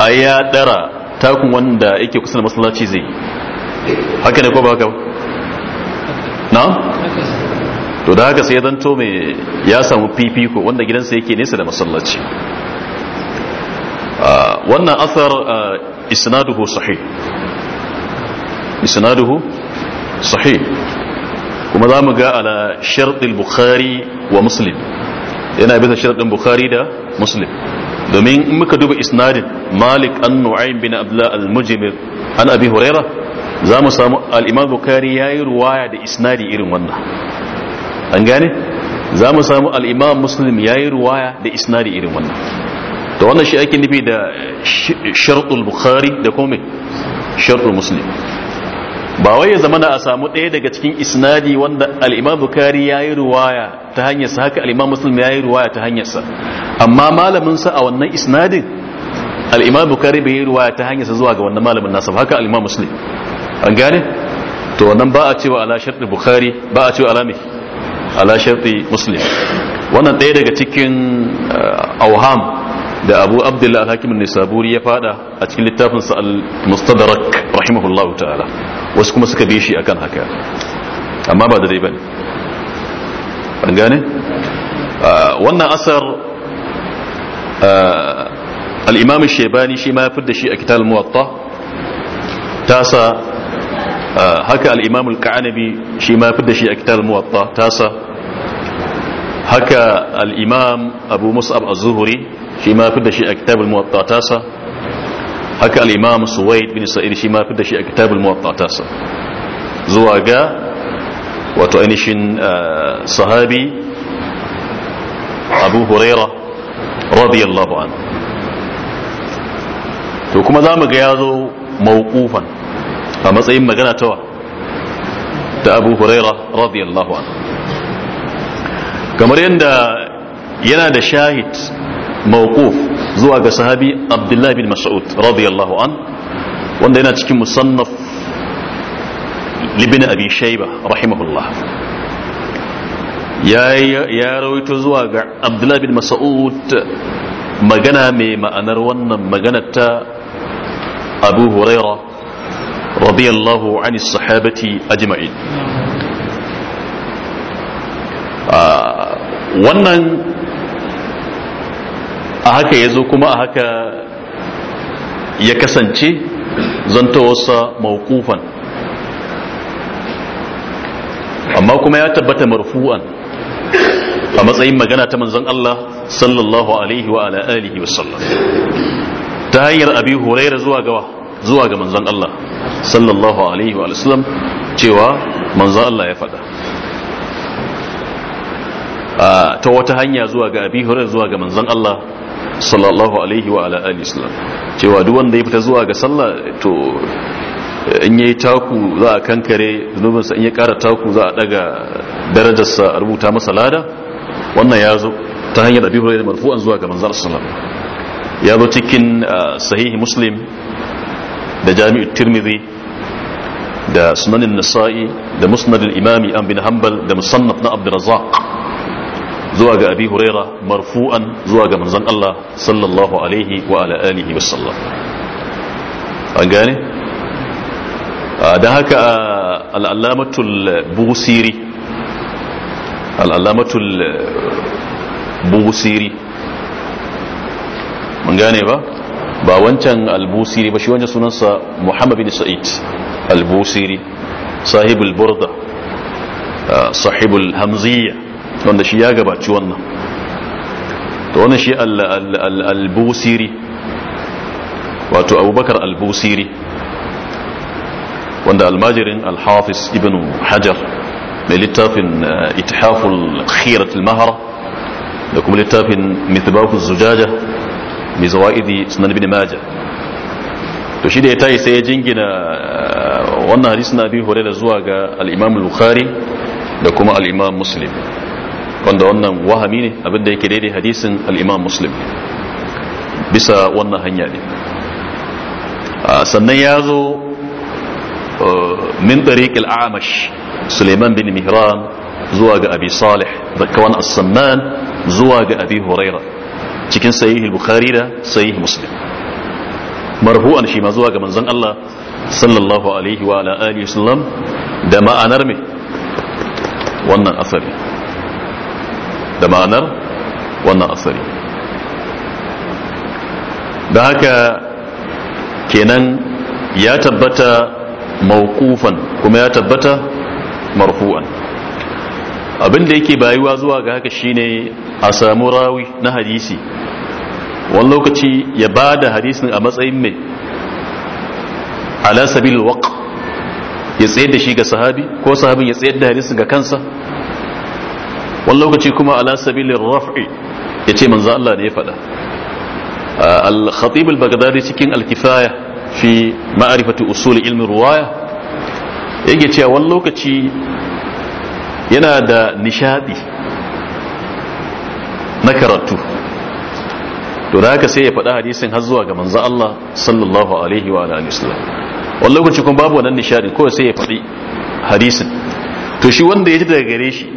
a ya dara takun wanda yake kusa da masallaci zai haka ne ko ba haka na? to da haka sai zanto mai ya samu fifiko wanda gidansa yake nesa da masallaci wannan asar isnaduhu sahih isnaduhu sahih kuma za mu ga ala sharɗin bukhari wa muslim yana bisa sharɗin bukhari da muslim domin in muka duba isnadin malik an nu'aym bin abla al-mujmir an abi huraira za mu samu al-imam bukhari yayi ruwaya da isnadi irin wannan an gane za mu samu al-imam muslim yayi ruwaya da isnadi irin wannan to wannan shi ake nufi da sharɗul bukhari da kome sharɗul muslim ba wai ya zama na a samu ɗaya daga cikin isnadi wanda al'imam bukari ya yi ruwaya ta hanyarsa haka al'imam muslim ya yi ruwaya ta hanyarsa amma malaminsa a wannan isnadin al'imam bukari bai yi ruwaya ta hanyarsa zuwa ga wannan malamin nasa haka al'imam muslim an gane to wannan ba a cewa ala sharɗi bukari ba a cewa ala me ala sharɗi muslim wannan ɗaya daga cikin eh, auham da abu abdullahi alhakimin nisaburi ya fada a cikin littafin sa al-mustadrak rahimahullahu ta'ala wasu kuma suka bi shi akan haka amma ba da dai bane an gane wannan asar al-imam shaybani shi ma ya fidda shi a kitab al-muwatta tasa haka al-imam al-qanabi shi ma ya fidda shi a kitab al-muwatta tasa haka al-imam abu mus'ab az-zuhri shi ma fi da shi a kitabul muwatta tasa haka al-imam suwaid bin sa'id shi ma fi da shi a kitabul muwatta tasa zuwa ga wato ainihin sahabi abu huraira radiyallahu an to kuma za mu ga ya zo mawqufan a matsayin magana tawa ta abu huraira radiyallahu an kamar yadda yana da shahid mawquf zuwa ga sahabi abdullahi bin mas'ud radiyallahu an wanda yana cikin musannaf libin abi shaiba rahimahullah ya ya rawaito zuwa ga abdullahi bin mas'ud magana mai ma'anar wannan maganar ta abu huraira radiyallahu an sahabati ajma'in ah, wannan a haka ya zo kuma a haka ya kasance zantowarsa maukufan amma kuma ya tabbata marfu'an a matsayin magana ta manzon Allah sallallahu alaihi wa ala alihi wa sallam ta hanyar abi huraira zuwa gawa zuwa ga manzon Allah sallallahu alaihi wa sallam cewa manzon Allah ya faɗa ta wata hanya zuwa ga abi huraira zuwa ga manzon Allah sallallahu alaihi wa ala alihi sallam cewa duk wanda ya fita zuwa ga sallah to in yayi taku za a kankare zunubinsa in ya kara taku za a daga darajarsa a rubuta masa lada wannan ya zo ta hanyar abi hurairah marfu'an zuwa ga manzon sallam ya zo cikin ah, sahihi muslim da jami'u tirmidhi da sunanin nasa'i da musnad al-imami an bin hanbal da musannaf na abdurrazzaq zuwa ga abi huraira marfu'an zuwa ga manzon Allah sallallahu alaihi wa ala alihi wa sallam an gane ah, dan haka ah, al-allamatul busiri al-allamatul busiri mun gane ba ba wancan al-busiri ba shi wancan sunansa Muhammad bin Sa'id al-busiri sahibul burda ah, sahibul hamziyah wanda shi ya gabaci wannan to wannan shi al-busiri wato abubakar al-busiri wanda almajirin al-hafiz ibn hajar mai littafin eh, itihaful al mahara da kuma littafin mithbahul zujaja mai zawaidi sunan ibn majah to shi da ya tayi sai ya jingina eh, wannan hadisi na bi hore da zuwa ga al-imam al-bukhari da kuma al-imam muslim wanda wannan wahami ne abinda yake daidai hadisin al'imam muslim bisa wannan hanya ne sannan ya zo uh, min tariq amash suleiman bin mihran zuwa ga abi salih zakawan as-samman zuwa ga abi huraira cikin sahih bukhari da sahih muslim marfu'an shi ma zuwa ga manzon Allah sallallahu alaihi wa ala alihi wasallam da ma'anar me wannan asali da ma'anar wannan asali da haka kenan ya tabbata maukufan kuma ya tabbata marfu'an abinda yake bayuwa zuwa ga haka shine a samu rawi na hadisi wani lokaci ya ba da hadisin a matsayin mai ala sabil waq ya tsayar da shi ga sahabi ko sahabin ya tsayar da hadisin ga kansa wani lokaci kuma ala sabilin raf'i ya ce manzo Allah ne ya faɗa al-khatib al-baghdadi cikin al-kifaya fi ma'rifati usul ilmi ruwaya yake cewa wani lokaci yana da nishadi na karatu to da haka sai ya faɗa hadisin har zuwa ga manzo Allah sallallahu alaihi wa alihi wasallam wani lokaci kuma babu wannan nishadi ko sai ya faɗi hadisin to shi wanda ya ji daga gare shi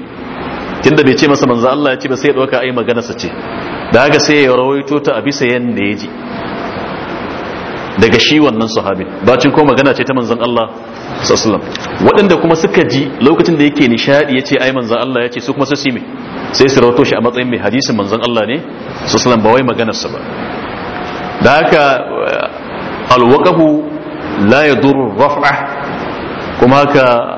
tunda bai ce masa manzo Allah ya ce ba sai ya dauka ai maganarsa ce da haka sai ya rawaito ta a bisa yanda ya daga shi wannan sahabi cin ko magana ce ta manzo Allah sallallahu waɗanda kuma suka ji lokacin da yake nishadi yace ai manzo Allah yace su kuma su sime sai su rawato shi a matsayin mai hadisin manzo Allah ne sallallahu ba wai maganarsa ba da haka eh, alwaqahu la yadurru raf'a kuma haka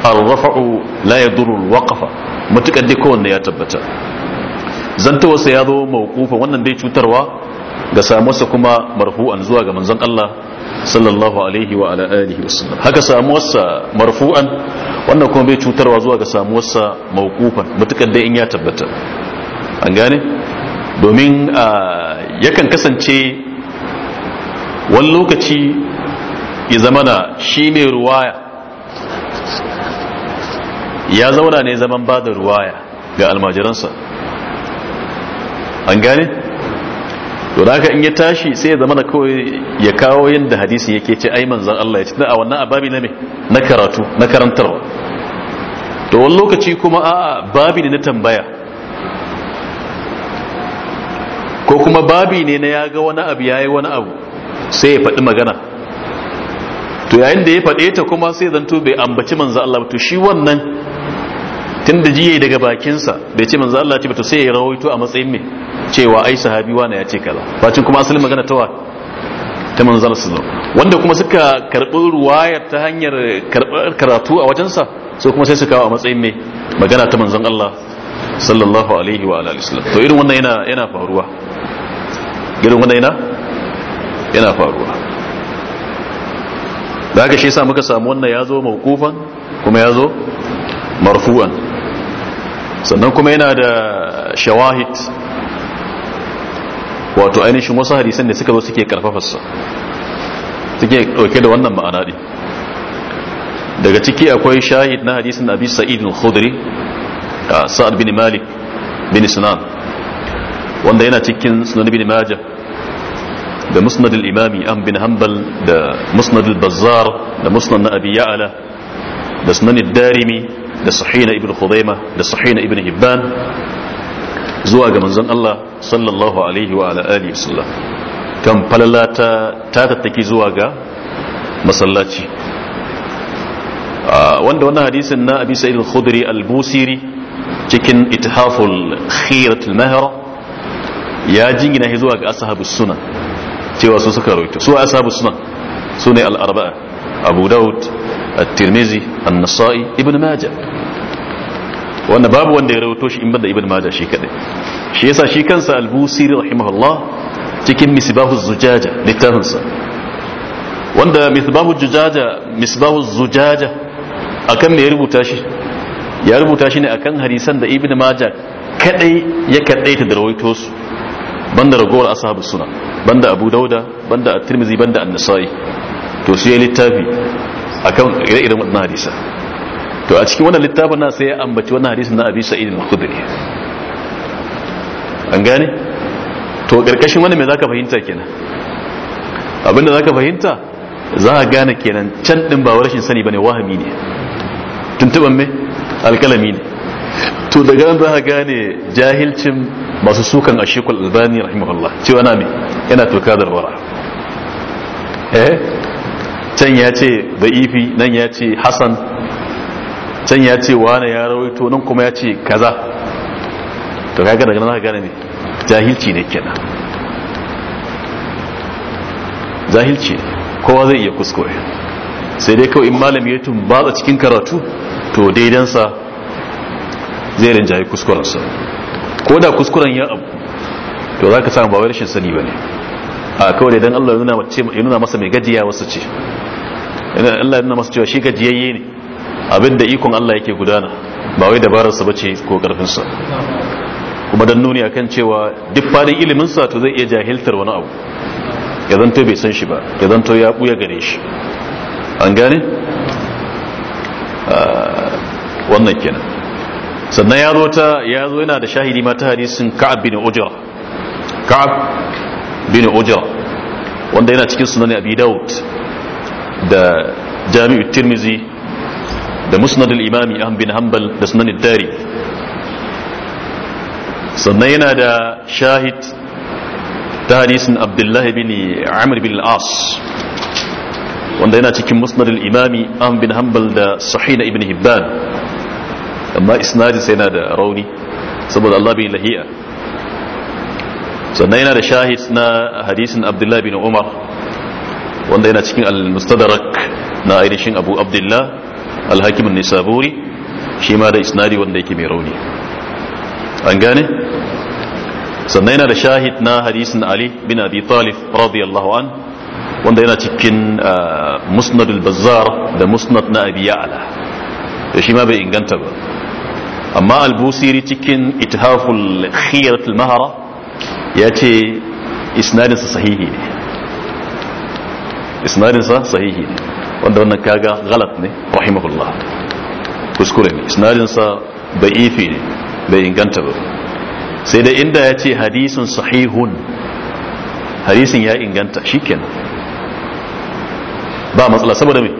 الرفع eh, la يضر alwaqafa mutukar dai kowanne ya tabbata wasa ya zo mawukufa wannan dai cutarwa ga samuwarsa kuma marfu'an zuwa ga manzon Allah sallallahu alaihi wa ala alihi wasallam haka samuwarsa marfu'an wannan kuma bai cutarwa zuwa ga samuwarsa mawkufan mutukar dai in ya tabbata an gane domin yakan kasance wani lokaci ya zamana shi mai ruwaya ya zauna ne zaman ba da ruwaya ga almajiransa an gane to da haka in ya tashi sai ya zama da kawai ya kawo yadda hadisi yake ce ai manzan Allah ya ci a wannan ababi na me na karatu na karantarwa to wani lokaci kuma a babi ne na tambaya ko kuma babi ne na ya ga wani abu ya yi wani abu sai ya faɗi magana to yayin da ya faɗe ta kuma sai zanto bai ambaci manzan Allah to shi wannan tun da jiye daga bakinsa bai ce manzo Allah ce ba to sai ya rawaito a matsayin me cewa ai sahabi wani ya ce kaza bacin kuma asalin magana ta wa ta manzo Allah sallallahu wanda kuma suka karbi ruwaya ta hanyar karbar karatu a wajensa so kuma sai su kawo a matsayin me magana ta manzo Allah sallallahu alaihi wa alihi wasallam to irin wannan yana yana faruwa irin wannan yana yana faruwa da haka shi yasa muka samu wannan yazo mawqufan kuma yazo marfu'an sannan kuma yana da shawahid wato ainihin wasu hadisan da suka zo suke karfafarsa suke dauke da wannan ma'ana ne daga ciki akwai shahid na hadisin abi sa'id al-khudri sa'ad bin malik bin sinan wanda yana cikin sunan bin majah da musnad imami an bin hanbal da musnad al-bazzar da musnad na abi ya'ala da sunan ad-darimi da sahina ibn khudaima da sahina ibn hibban zuwa ga manzon Allah sallallahu alaihi wa ala alihi wasallam kan falalata ta tattaki zuwa ga masallaci wanda wannan hadisin na abi sa'id al-khudri al-busiri cikin ithaful khirat al-mahra ya jingina zuwa ga ashabus sunan cewa su suka rawaito su ashabus sunan sune al-arba'a abu daud at-tirmizi an-nasa'i ibn maja wanda babu wanda ya rawato shi in banda ibn maja shi kadai shi yasa shi kansa al-busiri rahimahullah cikin misbahu zujaja littafinsa. wanda misbahu zujaja misbahu zujaja akan ne ya rubuta shi ya rubuta shi ne akan hadisan da ibn maja kadai ya kadaita da rawaito su banda ragowar ashabu suna banda abu dauda banda at-tirmizi banda an-nasa'i to su yi littafi akan ire-iren waɗannan hadisa to a cikin wannan littafin na sai ya ambaci wannan hadisin na abisa sa'id al-khudri an gane to karkashin wannan me zaka fahimta kenan abinda zaka fahimta za a gane kenan can din ba rashin sani bane wahami ne tuntuban me alkalami ne to daga nan za a gane jahilcin masu sukan a shekul albani rahimahullah cewa na me yana toka da eh can ya ce da ifi nan ya ce Hassan, can ya ce wane ya rawaito nan kuma ya ce kaza to kaga daga nan gane ne jahilci ne kenan jahilci kowa zai iya kuskure sai dai kawai in malami ya tumbatsa cikin karatu to daidansa zai rinjaye kuskurensa ko da kuskuren ya abu to za ka samu bawai rashin sani ba ne a kawai daidan Allah ya nuna masa mai gajiya wasu ce Allah yana masa cewa shi gajiyayye ne abinda ikon Allah yake gudana ba wai dabararsa bace ko karfinsa kuma dan nuni akan cewa duk fadin ilimin sa to zai iya jahiltar wani abu ya zanto bai san shi ba ya zanto ya buya gare shi an gane ah, wannan kenan sannan ya zo ta ya zo yana da shahidi ma ta hadisin ka'ab bin ujar ka'ab bin ujar wanda yana cikin sunan abi daud da jami'u tirmizi da musnad al-imami ahmad bin hanbal da sunan dari sannan yana da shahid ta hadisin abdullahi bin amr bin al-as wanda yana cikin musnad al-imami ahmad bin hanbal da sahih na ibn hibban amma isnadin sai yana da rauni saboda Allah bai lahiya sannan yana da shahid na hadisin abdullahi bin umar wanda yana cikin al-mustadrak na ainihin abu abdullah al-hakim an-nisaburi shi ma da isnadi wanda yake mai rauni an gane sannan yana da shahid na hadisin ali bin abi talib radiyallahu an wanda yana cikin ah, musnad al-bazzar da musnad na abi ya'la to shi ma bai inganta ba amma al-busiri cikin ithaful khiyarat al-mahara yace isnadinsa sahihi ne isnadinsa sahihi ne wanda wannan kaga galat ne rahimahullah kuskure ne isnadinsa da'ifi ne bai inganta ba sai da inda ya ce hadisin sahihun hadisin ya inganta shikenan ba matsala saboda me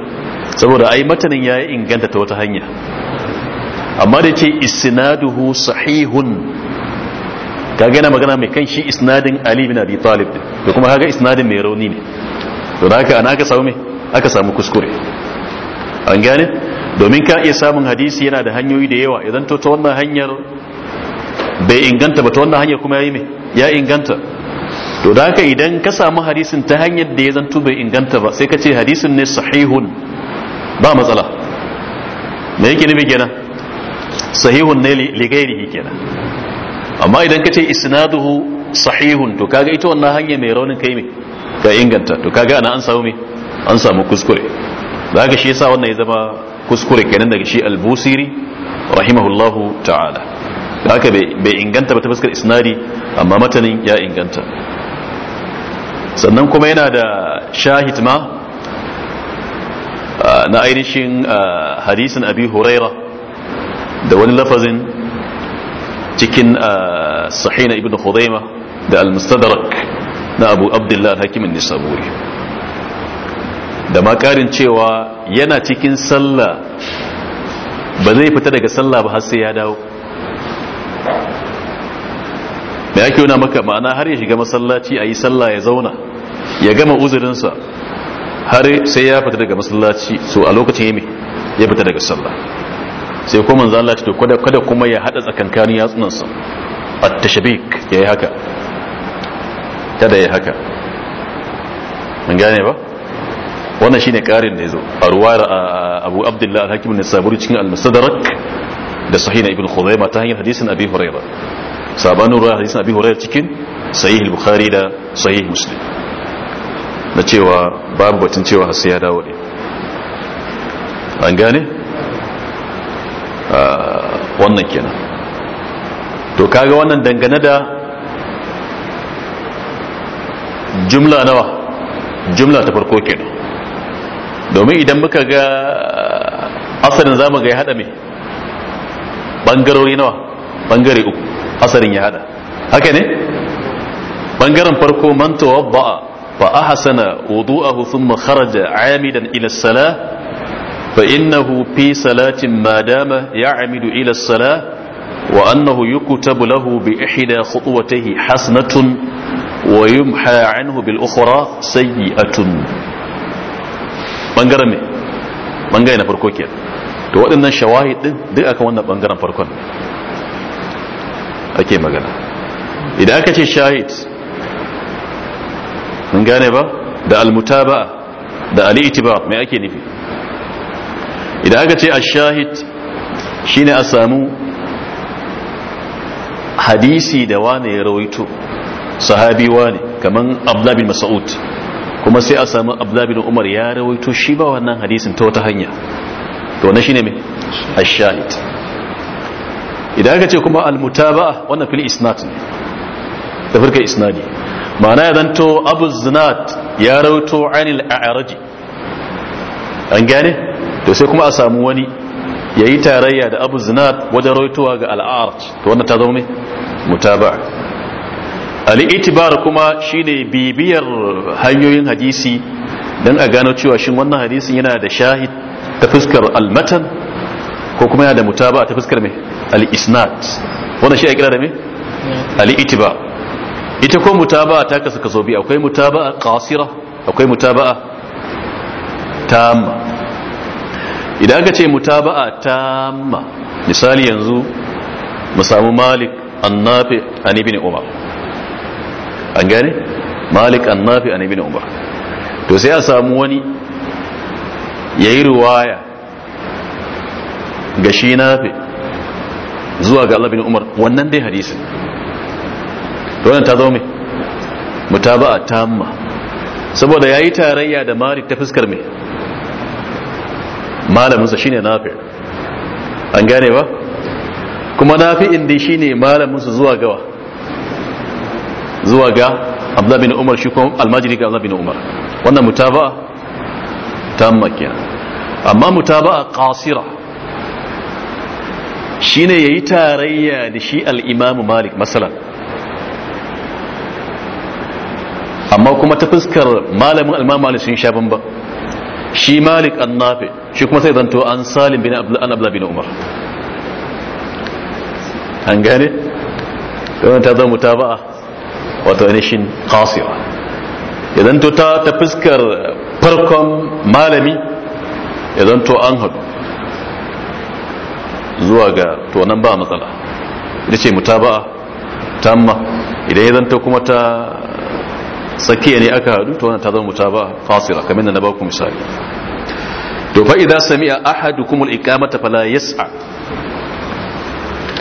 saboda ai matanin ya inganta ta wata hanya amma da ce isnaduhu sahihun kaga yana magana mai kan shi isnadin Ali bin Abi Talib da kuma kaga isnadin mai rauni ne to da haka ana aka samu me aka samu kuskure an gane domin ka iya samun hadisi yana da hanyoyi da yawa idan to ta wannan hanyar bai inganta ba ta wannan hanyar kuma yayi me ya inganta to da haka idan ka samu hadisin ta hanyar da ya zanto bai inganta ba sai ka ce hadisin ne sahihun ba matsala me yake nufi kenan sahihun ne li ghairihi kenan amma idan ka ce isnaduhu sahihun to kaga ita wannan hanya mai raunin kai mai ka inganta to kaga ana an samu me an samu kuskure zaka shi yasa wannan ya zama kuskure kenan daga shi al-busiri rahimahullahu ta'ala da haka bai inganta ba ta fuskar isnadi amma matanin ya inganta sannan kuma yana da shahid ma na ainihin hadisin abi huraira da wani lafazin cikin sahina ibn khudaima da al-mustadrak na abu abdullahi hakimin nisaburi da makarin cewa yana cikin sallah ba zai fita daga sallah ba har sai ya dawo da yake yana maka ma'ana har ya shiga masallaci a yi sallah ya zauna ya gama uzurinsa har sai ya fita daga masallaci so a lokacin yami ya fita daga sallah sai kuma manzo Allah ce to kada kuma ya hada tsakankanin yatsunansa at-tashbik yayi haka kada ya haka mun gane ba wannan shine karin da yazo a ruwayar Abu Abdullah al-Hakim ne saburi cikin al-Mustadrak da Sahih Ibn Khuzaimah ta hanyar hadisin Abi Hurairah sabanu ruwayar hadisin Abi Hurairah cikin Sahih al-Bukhari da Sahih Muslim na cewa babu batun cewa har sai ya dawo ne an gane wannan kenan to kaga wannan dangane da jumla nawa jumla ta farko kenan domin idan muka ga uh, asalin zamu ga ya hada bangarori nawa bangare uku asalin ya hada haka ne bangaren farko man tawadda'a fa ahsana wudu thumma kharaja 'amidan ila as-salah fa innahu fi salatin ma dama ya'midu ila wa annahu yuktabu lahu bi ihda khutuwatihi hasnatun. ويمحى عنه بالأخرى سيئة بانجرم من بانجرم فرقو كيان تو waɗannan shawahid din duk aka wannan bangaren farkon ake magana idan aka ce shahid mun ba da almutaba da al'itiba mai ake nufi idan aka ce a shahid shine a samu hadisi da wane ya rawaito sahabiwa ne kaman abdullah bin mas'ud kuma sai a samu abdullah bin umar ya rawaito shi ba wannan hadisin ta wata hanya to na shine me ash-shahid idan aka ce kuma al-mutaba'a wannan fil isnad ne da farka isnadi ma'ana ya zanto abu zinat ya rawaito anil a'raji an gane to sai kuma a samu wani yayi tarayya da abu zinat wajen rawaitowa ga al-a'raj to wannan ta zama me mutaba'a al'itibar kuma shine bibiyar hanyoyin hadisi don a gano cewa shin wannan hadisin yana da shahid ta fuskar almatan ko kuma yana da mutabaa ta fuskar mai al'isnat wannan shi a kira da mai al'itiba ita ko mutabaa ta kasu kaso biyu akwai mutabaa kasira akwai mutaba tamma idan aka ce mutaba tamma misali yanzu mu samu malik annabi an ibn umar an gane malik an nafi an ibn umar to sai a samu wani yayi riwaya ga shi nafi zuwa ga Allah bin umar wannan dai hadisin to wannan ta zo mai mutaba'a tamma saboda yayi tarayya da malik ta fuskar mai sa shine nafi an gane ba kuma nafi indi shine su zuwa gawa zuwa ga abdullah bin umar shi kuma almajiri ga abdullah bin umar wannan mutaba'a tamma kenan amma mutaba'a qasira shine yayi tarayya da shi al-imam malik masalan amma kuma ta fuskar malamin al-imam malik sun sha bamba shi malik an annafi shi kuma sai zanto an salim bin abdullah bin umar an gane don ta zama mutaba'a wato ainihin khasira idan to ta ta fuskar eh, farkon malami idan to an haɗu zuwa ga to nan ba matsala ita ce ta tamma idan ya kuma ta tsakiya ne aka hadu to wannan ta zama mutaba fasila kamar da na baku misali to fa idza sami'a ahadu al-iqamata fala yas'a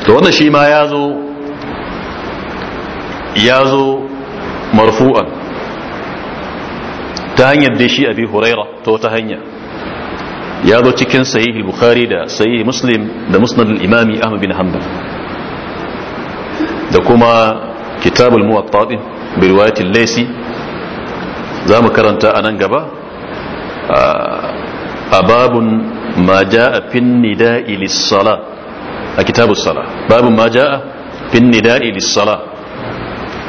to wannan shi ma ya zo. ya zo marfu'an ta hanyar da shi abi huraira ta hanya ya zo cikin sahihi bukhari da sahih muslim da musnad imami ahmad bin hanbal da kuma kitab al-muwatta bi riwayat al za zamu karanta anan gaba a babun ma jaa fi nida'i lis-salah a kitab sala babun ma jaa fi nida'i lis-salah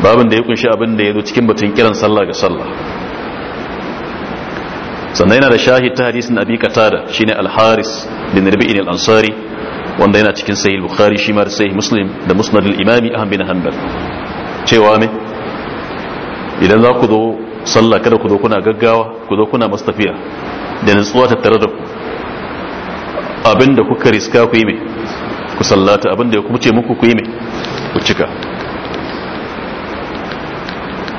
babin da ya kunshi abin da ya zo cikin batun kiran sallah ga sallah sannan yana da shahid ta hadisin abi qatada shine al-haris bin rabi'in al-ansari wanda yana cikin sahih bukhari shi ma da sahih muslim da musnad al-imami ahmad bin hanbal cewa me idan za ku zo sallah kada ku zo kuna gaggawa ku zo kuna mustafiya da nutsuwa tattare da ku abinda kuka riska ku yi me ku sallata abinda ya kuma ce muku ku yi me ku cika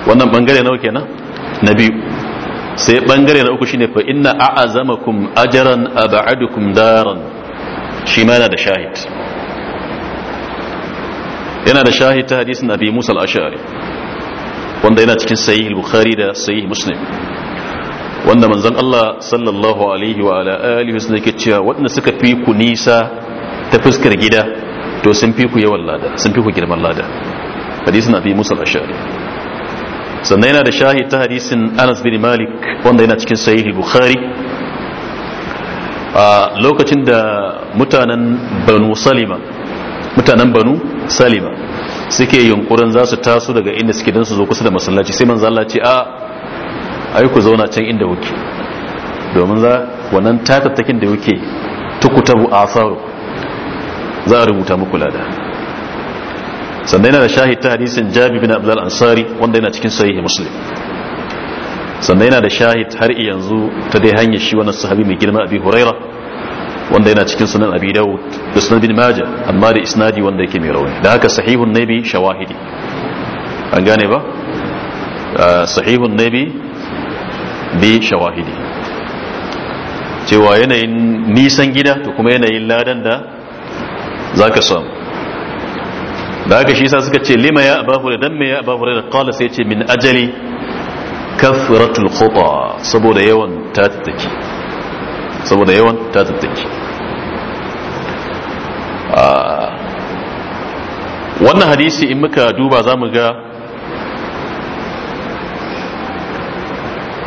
wannan bangare nawa kenan na biyu sai bangare na uku shine fa inna a'azamakum ajran ab'adukum daran shi ma yana da shahid yana da shahid ta hadisin abi musa al-ash'ari wanda yana cikin sahih al-bukhari da sahih muslim wanda manzon Allah sallallahu alaihi wa ala alihi wasallam yake cewa wanda suka fi ku nisa ta fuskar gida to sun fi ku yawan lada sun fi ku girman lada hadisin abi musa al-ash'ari sannan yana da shahid ta hadisin anas bin malik wanda yana cikin sahih bukhari a lokacin da mutanen banu salima mutanen banu salima suke yunkurin za su taso daga inda suke don su zo kusa da masallaci sai manzo Allah a ai ku zauna can inda kuke domin za wannan takattakin da kuke tukutabu asaru za a rubuta muku lada sannan yana da shahid ta hadisin jabi bin abdul ansari wanda yana cikin sahih muslim sannan yana da shahid har yanzu ta dai hanyar shi wannan sahabi mai girma abi huraira wanda yana cikin sunan abi dawud da sunan bin majah amma da isnadi wanda yake mai rauni da haka sahihun nabi shawahidi an gane ba ah, sahihun nabi bi shawahidi cewa yanayin nisan gida to kuma yanayin ladan da zaka samu da haka shi sa suka ce lima ya abahu da dan me ya abahu da qala sai ce min ajali kafratul khuta saboda yawan tattaki saboda yawan tattaki ah, wannan hadisi in muka duba za mu ga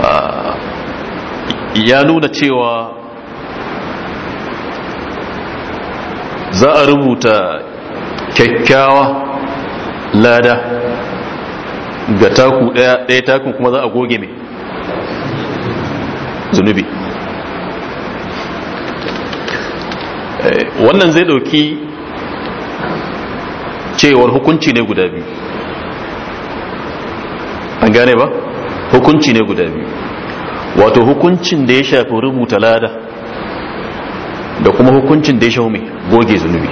ah, ya nuna cewa za a rubuta kyakkyawa lada ga taku daya daya takun kuma za a goge mai zunubi eh, wannan zai dauki cewar hukunci ne guda biyu an gane ba hukunci ne guda biyu wato hukuncin da ya shafi rubuta lada da kuma hukuncin da ya shafi goge zunubi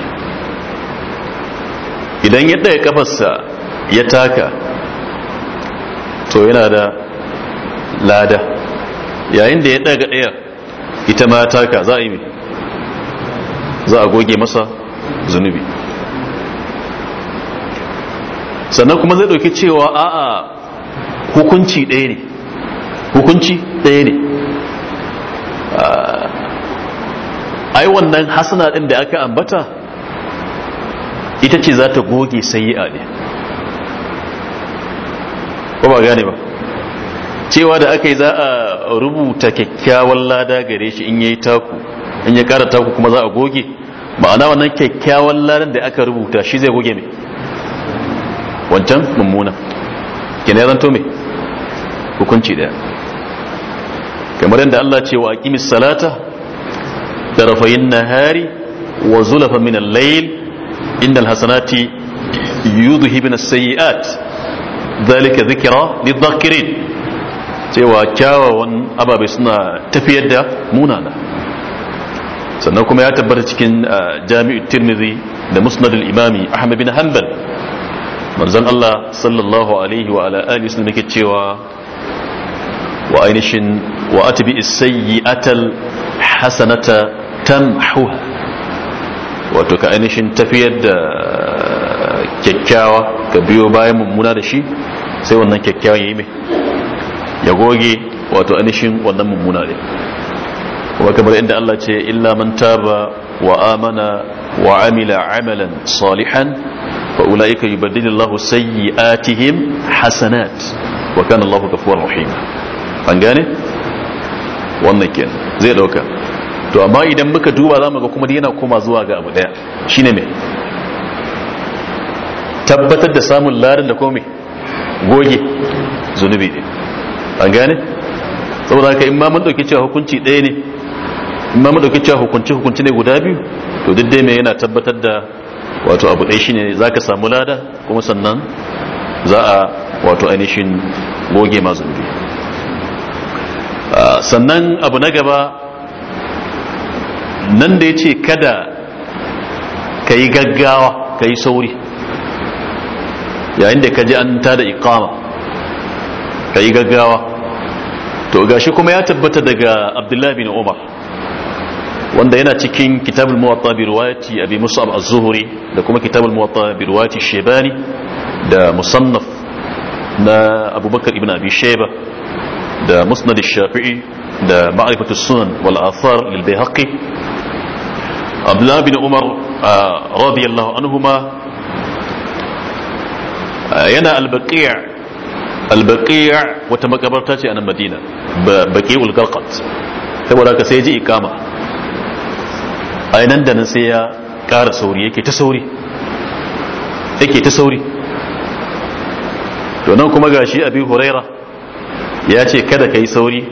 idan ya ɗaya kafarsa ya taka to yana da lada yayin da ya ɗaga ɗaya ita ma taka za a yi za a goge masa zunubi sannan kuma zai ɗauki cewa a'a hukunci ɗaya ne hukunci ɗaya ne ai wannan hasana ɗin da aka ambata ita ce za ta goge sayi'a ne ko ba gane ba cewa da aka yi za a rubuta kyakkyawan lada gare shi in yayi taku in ya kara taku kuma za a goge ma'ana wannan kyakkyawan ladan da aka rubuta shi zai goge mai wancan mummuna kina ya zanto mai hukunci daya kamar yadda Allah ce wa aqimis salata da rafayin na hari wa zulafa min al innal hasanati yudhibna sayyi'at zalika dhikra lidhakirin cewa kyawawan ababe suna tafiyar da munana sannan kuma ya tabbata cikin jami'u tirmidhi da musnad al-imami ahmad bin hanbal manzon Allah sallallahu alaihi wa ala alihi wasallam yake cewa wa ainishin wa atbi as-sayyi'atal hasanata tamhuha wato ka ainihin tafiyar da kyakkyawa ka biyo bayan mummuna da shi sai wannan kyakkyawan ya yi mai ya goge wato ainihin wannan mummuna ne kuma kamar inda Allah ce illa man taba wa amana wa amila amalan salihan fa ulaika yubaddilullahu sayyi'atihim hasanat wa kana Allahu ghafurur rahim an gane wannan kenan zai dauka to amma idan muka duba za mu ga kuma yana koma zuwa ga abu daya shine me tabbatar da samun larin da kome goge zunubi ne an gane saboda haka in ma mun dauki cewa hukunci ɗaya ne in ma mun dauki cewa hukunci hukunci ne guda biyu to duk dai me yana tabbatar da wato abu ɗaya shine zaka samu lada kuma sannan za a wato ainihin goge ma zunubi ah, sannan abu na gaba nan da ya ce kada ka yi gaggawa ka yi sauri yayin da ka ji an tada ikama ka yi gaggawa to gashi kuma ya tabbata daga abdullahi bin umar wanda yana cikin kitabul muwatta bi riwayati abi mus'ab az-zuhri da kuma kitabul muwatta bi riwayati shaybani da musannaf na abubakar ibn abi shayba da musnad shafi'i da ma'rifatu sunan wal athar lil bayhaqi abdullah bin umar radiyallahu anhuma yana al-baqi' al-baqi' wata makabarta ce a nan madina baqi'ul garqat saboda ka sai ji ikama a nan da nan sai ya ƙara sauri yake ta sauri yake ta sauri to nan kuma gashi abi huraira ya ce kada ka yi sauri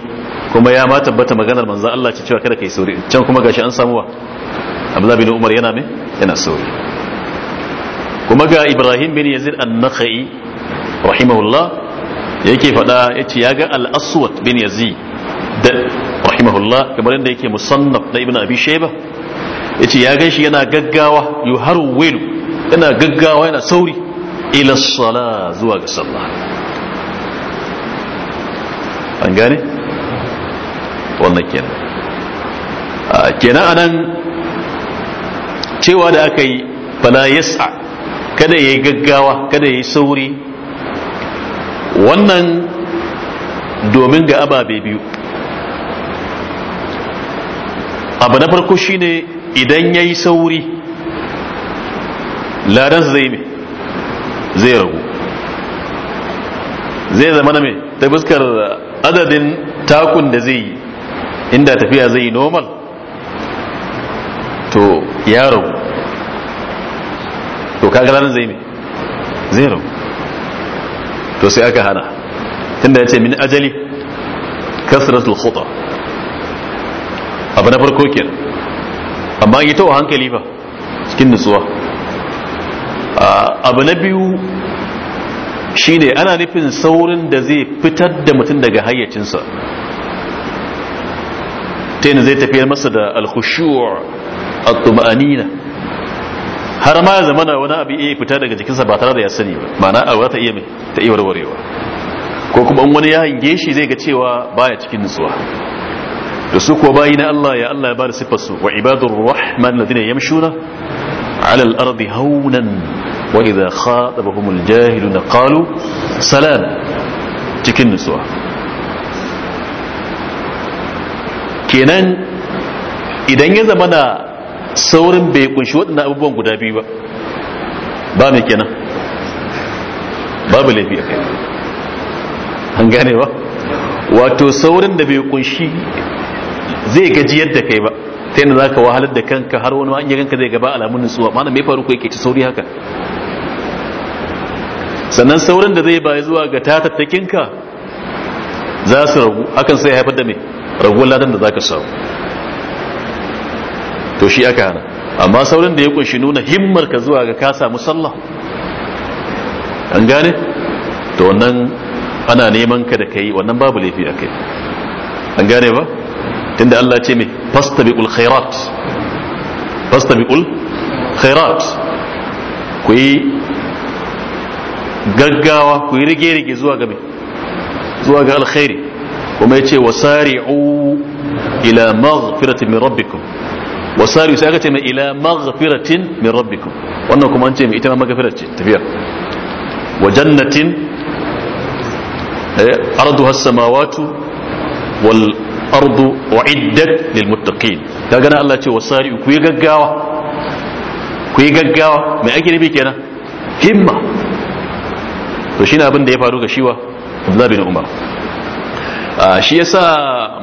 kuma ya ma tabbata maganar manzo Allah ce cewa kada ka yi sauri can kuma gashi an samuwa wa bin Umar yana me yana sauri kuma ga Ibrahim bin Yazid an-Nakhai rahimahullah yake fada yace ya ga al-Aswad bin Yazid da rahimahullah kamar yadda yake musannaf na Ibn Abi Shayba yace ya gan shi yana gaggawa welu yana gaggawa yana sauri ila sala zuwa ga sallah an gane wannan kenan kenan anan cewa da aka yi fala yasa kada ya yi gaggawa kada ya yi sauri wannan domin ga ababe biyu abu na farko shine idan ya yi sauri ladan zai mai zai ragu zai zama na mai ta fuskar adadin takun da zai yi inda tafiya zai yi normal to ya rabu. to kaga ranar zai ne zai rabu. to sai aka hana da ya ce min ajali kasratul khuta abu na farko kenan amma yi ta hankali ba cikin nutsuwa ah, abu na biyu shine ana nufin saurin da zai fitar da mutum daga hayyacinsa ta yana zai tafiyar masa da alkhushuwar al-tumanina har ma ya zamana wani abu iya fita daga jikinsa ba tare da ya sani ba mana a wata iya ta iya warwarewa ko kuma wani ya hange shi zai ga cewa baya cikin nutsuwa da su kuwa bayi na Allah ya Allah ya ba da siffarsu wa ibadur rahman ladina yamshuna ala al-ardi haunan wa idza khatabahumul jahiluna qalu salam cikin nutsuwa kenan idan ya zama na saurin bai kunshi wadannan abubuwan guda biyu ba ba mai kenan babu laifi a kai an gane ba wato saurin da bai kunshi zai gaji yadda kai ba sai za ka wahalar da kanka har wani an ganka zai gaba alamun nutsuwa mana me faru ko yake ci sauri haka sannan sauran da zai bayi zuwa ga tatattakinka za su ragu hakan sai haifar da mai raguwar ladan da za ka samu to shi aka hana amma sauran da ya kunshi nuna himmar ka zuwa ga kasa musallah an gane to wannan ana neman ka da kai wannan babu laifi a kai an gane ba tunda Allah ce mai fastabiqul khairat fastabiqul khairat ku yi gaggawa ku yi rige-rige zuwa ga zuwa ga alkhairi kuma yace wasari'u ila maghfiratin min rabbikum wasari'u sai aka ce mai ila maghfiratin min rabbikum wannan kuma an ce mai ita ma maghfirat ce tafiya wa jannatin eh, ardu as-samawati wal ardu uiddat lil muttaqin kaga nan Allah ce wasari ku yi gaggawa ku yi gaggawa mai ake nufi kenan himma to shine abin da ya faru ga shiwa Abdullah bin Umar shi yasa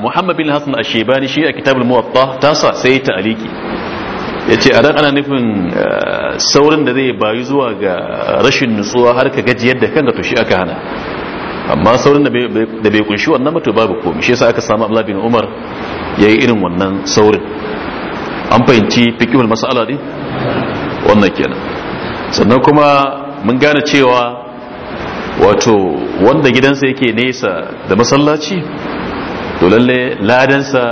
Muhammad bin Hassan Ashebani shi a kitabul Muwatta tasa sai ta aliki yace a dan ana nufin eh, saurin da zai bayu zuwa ga rashin nutsuwa har ka gajiyar da kanka to shi aka hana amma saurin da bai kunshi wannan mutu babu komi shi yasa aka samu abla bin umar ya yi irin wannan saurin an fahimci fikihul mas'ala din wannan kenan sannan kuma mun gane cewa wato wanda gidansa yake nesa da masallaci to lalle ladansa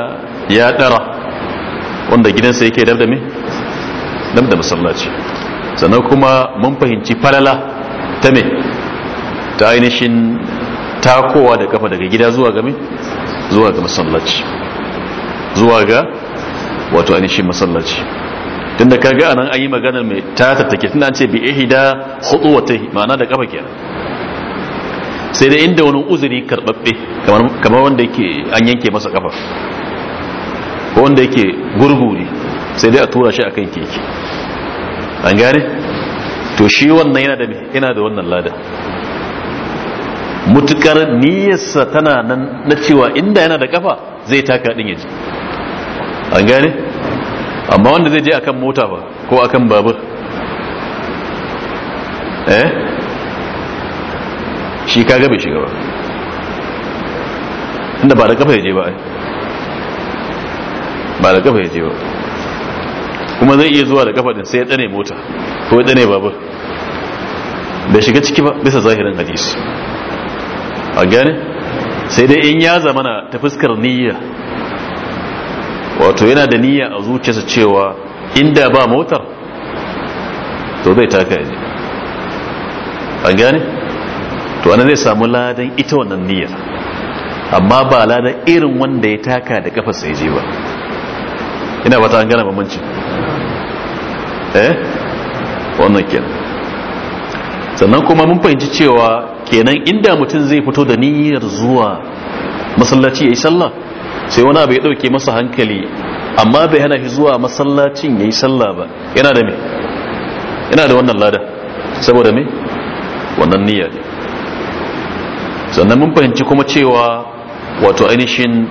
ya dara wanda gidansa yake dab da me dab da masallaci sannan kuma mun fahimci falala ta me ta ainihin takowa da kafa daga gida zuwa ga zuwa ga masallaci zuwa ga wato ainihin masallaci tun da kaga anan an yi maganar mai ta tattake tun an ce bi ihida hudu ma'ana da kafa kenan sai dai inda wani uzuri karbabbe kamar wanda yake an yanke masa kafa ko wanda yake gurguri sai dai a tura shi akan keke an gane to shi wannan yana da yana da wannan lada mutukar niyyarsa tana nan na cewa inda yana da kafa zai taka din yaji an gane amma wanda zai je akan mota ba ko akan babur eh shi kaga bai shiga ba inda ba da kafa yaje ba ai ba da kafa yaje ba kuma zai iya zuwa da kafa din sai ya dane mota ko ya dane babur bai shiga ciki ba bisa zahirin hadisi a gane sai dai in ya zamana ta fuskar niyya wato yana da niyya a zuciyarsa cewa inda ba motar to zai taka yaje a gane to wani zai samu ladan ita wannan niyyar amma ba ladan irin wanda ya taka da kafa sai je ba ina ba ta an gane bambanci eh wannan kenan sannan kuma mun fahimci cewa kenan inda mutum zai fito da niyyar zuwa masallaci ya yi sallah sai wani abu ya ɗauke masa hankali amma bai hana shi zuwa masallacin ya yi sallah ba yana da me yana da wannan lada saboda me wannan niyyar sannan mun fahimci kuma cewa wato ainihin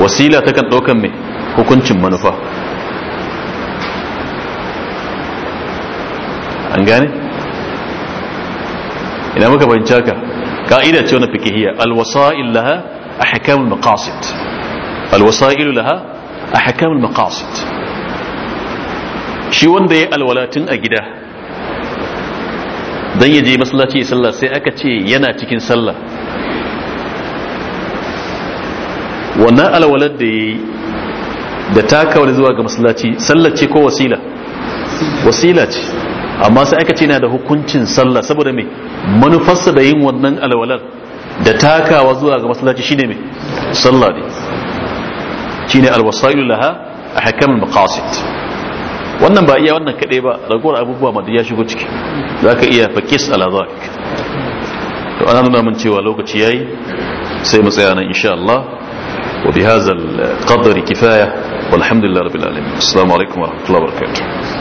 wasila ta kan ɗaukan mai hukuncin manufa an gane? ina muka bayanci haka ka'ida ce wani fikihiyya alwasa'il laha ahkam almaqasid alwasa'il laha ahkam almaqasid shi wanda ya alwalatin a gida dan yaje masallaci sallah sai aka ce yana cikin sallah wannan alwalad da yayi da takawar zuwa ga masallaci sallah ce ko wasila wasila ce amma sai aka ce yana da hukuncin sallah saboda me manufarsa da yin wannan alwalar da takawa zuwa ga masallaci shine mai sallah ne shine alwasailu laha ahkam maqasid wannan ba iya wannan kadai ba ragowar abubuwa ma ya shigo ciki zaka iya fakis ala zalik to ana nuna mun cewa lokaci yayi sai mu tsaya nan insha Allah wa bi hadha al kifaya والحمد لله رب العالمين السلام عليكم الله وبركاته